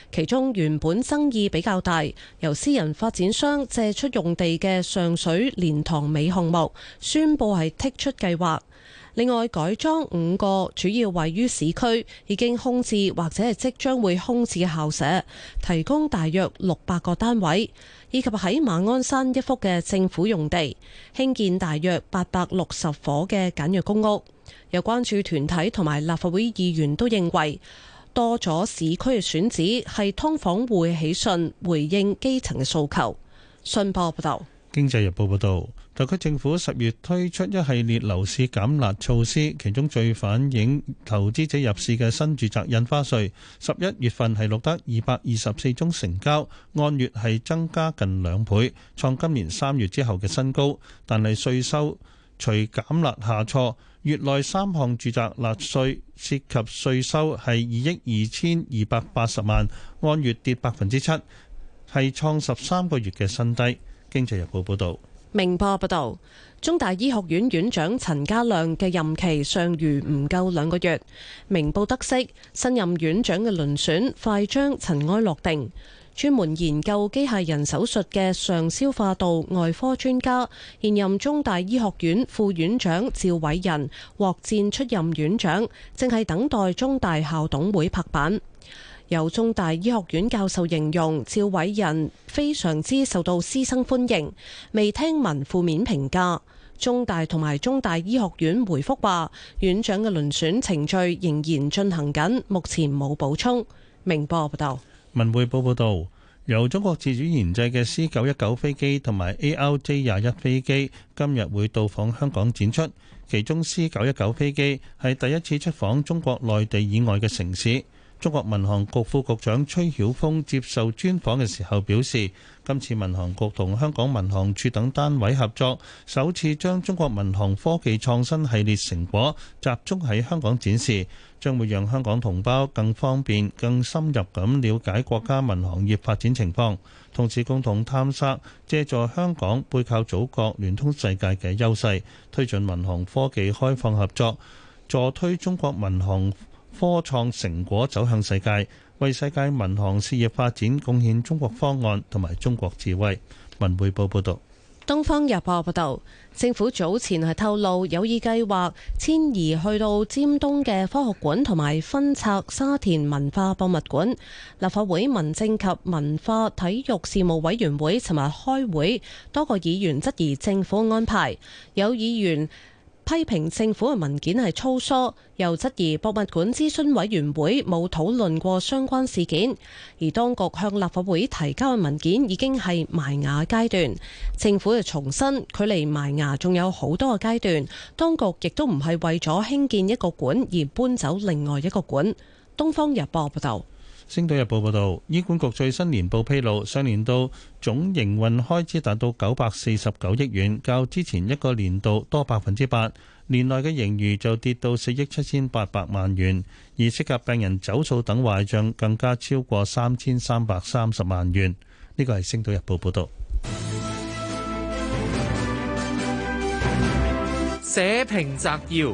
其中原本爭議比較大，由私人發展商借出用地嘅上水蓮塘尾項目，宣布係剔出計劃。另外，改裝五個主要位於市區、已經空置或者係即將會空置嘅校舍，提供大約六百個單位，以及喺馬鞍山一幅嘅政府用地，興建大約八百六十伙嘅簡約公屋。有關注團體同埋立法會議員都認為。多咗市區嘅選址係通房會喜訊回應基層嘅訴求。信報報道：《經濟日報》報道，特區政府十月推出一系列樓市減辣措施，其中最反映投資者入市嘅新住宅印花稅，十一月份係錄得二百二十四宗成交，按月係增加近兩倍，創今年三月之後嘅新高。但係稅收隨減辣下挫。月內三項住宅納稅涉及稅收係二億二千二百八十萬，按月跌百分之七，係創十三個月嘅新低。經濟日報報導。明報報道，中大醫學院院長陳家亮嘅任期尚餘唔夠兩個月，明報得悉，新任院長嘅遴選快將塵埃落定。專門研究機械人手術嘅上消化道外科專家，現任中大醫學院副院長趙偉仁獲薦出任院長，正係等待中大校董會拍板。有中大醫學院教授形容趙偉仁非常之受到師生歡迎，未聽聞負面評價。中大同埋中大醫學院回覆話，院長嘅遴選程序仍然進行緊，目前冇補充。明波報道。文匯報報道，由中國自主研製嘅 C 九一九飛機同埋 ARJ 廿一飛機今日會到訪香港展出，其中 C 九一九飛機係第一次出訪中國內地以外嘅城市。中國民航局副局長崔曉峰接受專訪嘅時候表示，今次民航局同香港民航處等單位合作，首次將中國民航科技創新系列成果集中喺香港展示。將會讓香港同胞更方便、更深入咁了解國家民航業發展情況，同時共同探索，藉助香港背靠祖國、聯通世界嘅優勢，推進民航科技開放合作，助推中國民航科創成果走向世界，為世界民航事業發展貢獻中國方案同埋中國智慧。文匯報報導。東方日報報道，政府早前係透露有意計劃遷移去到尖東嘅科學館同埋分拆沙田文化博物館。立法會民政及文化體育事務委員會尋日開會，多個議員質疑政府安排，有議員批評政府嘅文件係粗疏，又質疑博物館諮詢委員會冇討論過相關事件，而當局向立法會提交嘅文件已經係埋牙階段。政府又重申，距離埋牙仲有好多個階段。當局亦都唔係為咗興建一個館而搬走另外一個館。東方日報報道。星島日報報道，醫管局最新年報披露，上年度總營運開支達到九百四十九億元，較之前一個年度多百分之八，年內嘅盈餘就跌到四億七千八百萬元，而涉及病人走數等壞賬更加超過三千三百三十萬元。呢個係星島日報報道。社評摘要。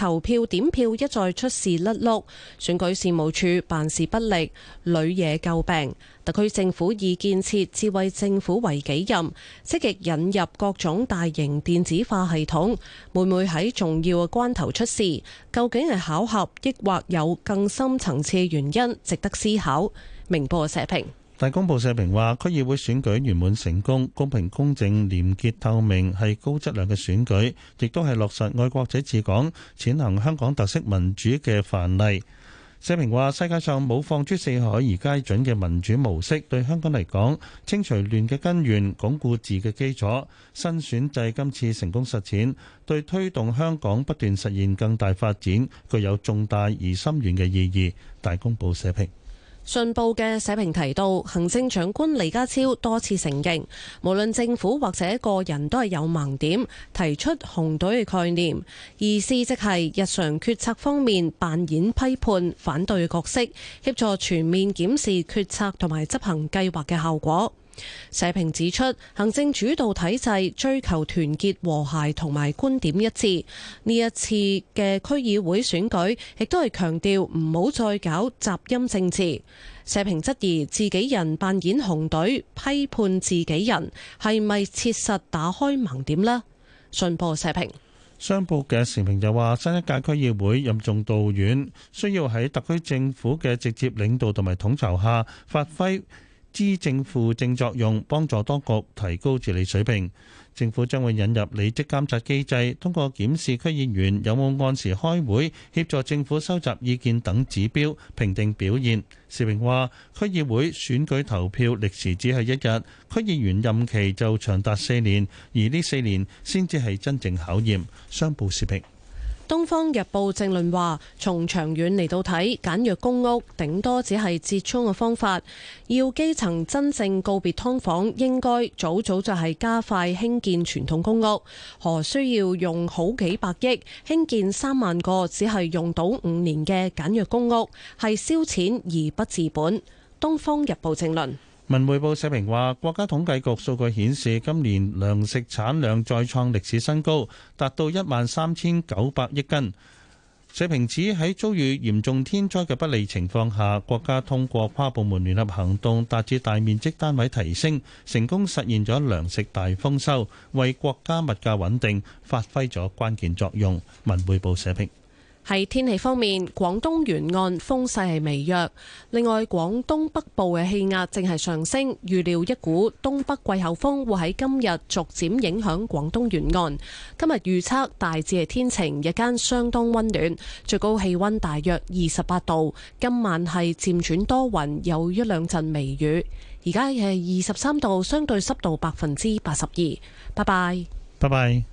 投票點票一再出事甩碌，選舉事務處辦事不力，屢惹詬病。特區政府以建設智慧政府為己任，積極引入各種大型電子化系統，每每喺重要嘅關頭出事，究竟係巧合，抑或有更深層次嘅原因，值得思考。明報社評。大公報社評話：區議會選舉圓滿成功，公平公正、廉潔透明係高質量嘅選舉，亦都係落實愛國者治港、踐行香港特色民主嘅範例。社評話：世界上冇放諸四海而皆準嘅民主模式，對香港嚟講，清除亂嘅根源，鞏固治嘅基礎，新選制今次成功實踐，對推動香港不斷實現更大發展具有重大而深遠嘅意義。大公報社評。信報嘅社評提到，行政長官李家超多次承認，無論政府或者個人都係有盲點，提出紅隊嘅概念，意思即係日常決策方面扮演批判、反對嘅角色，協助全面檢視決策同埋執行計劃嘅效果。社評指出，行政主導體制追求團結和諧同埋觀點一致。呢一次嘅區議會選舉，亦都係強調唔好再搞雜音政治。社評質疑自己人扮演紅隊，批判自己人，係咪切實打開盲點呢？信報社評，商報嘅時評就話，新一屆區議會任重道遠，需要喺特區政府嘅直接領導同埋統籌下發揮。支政負正作用，幫助當局提高治理水平。政府將會引入履職監察機制，通過檢視區議員有冇按時開會協助政府收集意見等指標評定表現。時評話區議會選舉投票歷時只係一日，區議員任期就長達四年，而呢四年先至係真正考驗。商報時評。《東方日報》正論話：從長遠嚟到睇，簡約公屋頂多只係折衷嘅方法，要基層真正告別劏房，應該早早就係加快興建傳統公屋，何需要用好幾百億興建三萬個只係用到五年嘅簡約公屋，係燒錢而不治本。《東方日報》正論。文匯報社評話，國家統計局數據顯示，今年糧食產量再創歷史新高，達到一萬三千九百億斤。社評指喺遭遇嚴重天災嘅不利情況下，國家通過跨部門聯合行動，達至大面積單位提升，成功實現咗糧食大豐收，為國家物價穩定發揮咗關鍵作用。文匯報社評。係天氣方面，廣東沿岸風勢係微弱。另外，廣東北部嘅氣壓正係上升，預料一股東北季候風會喺今日逐漸影響廣東沿岸。今日預測大致係天晴，日間相當温暖，最高氣温大約二十八度。今晚係漸轉多雲，有一兩陣微雨。而家係二十三度，相對濕度百分之八十二。拜拜。拜拜。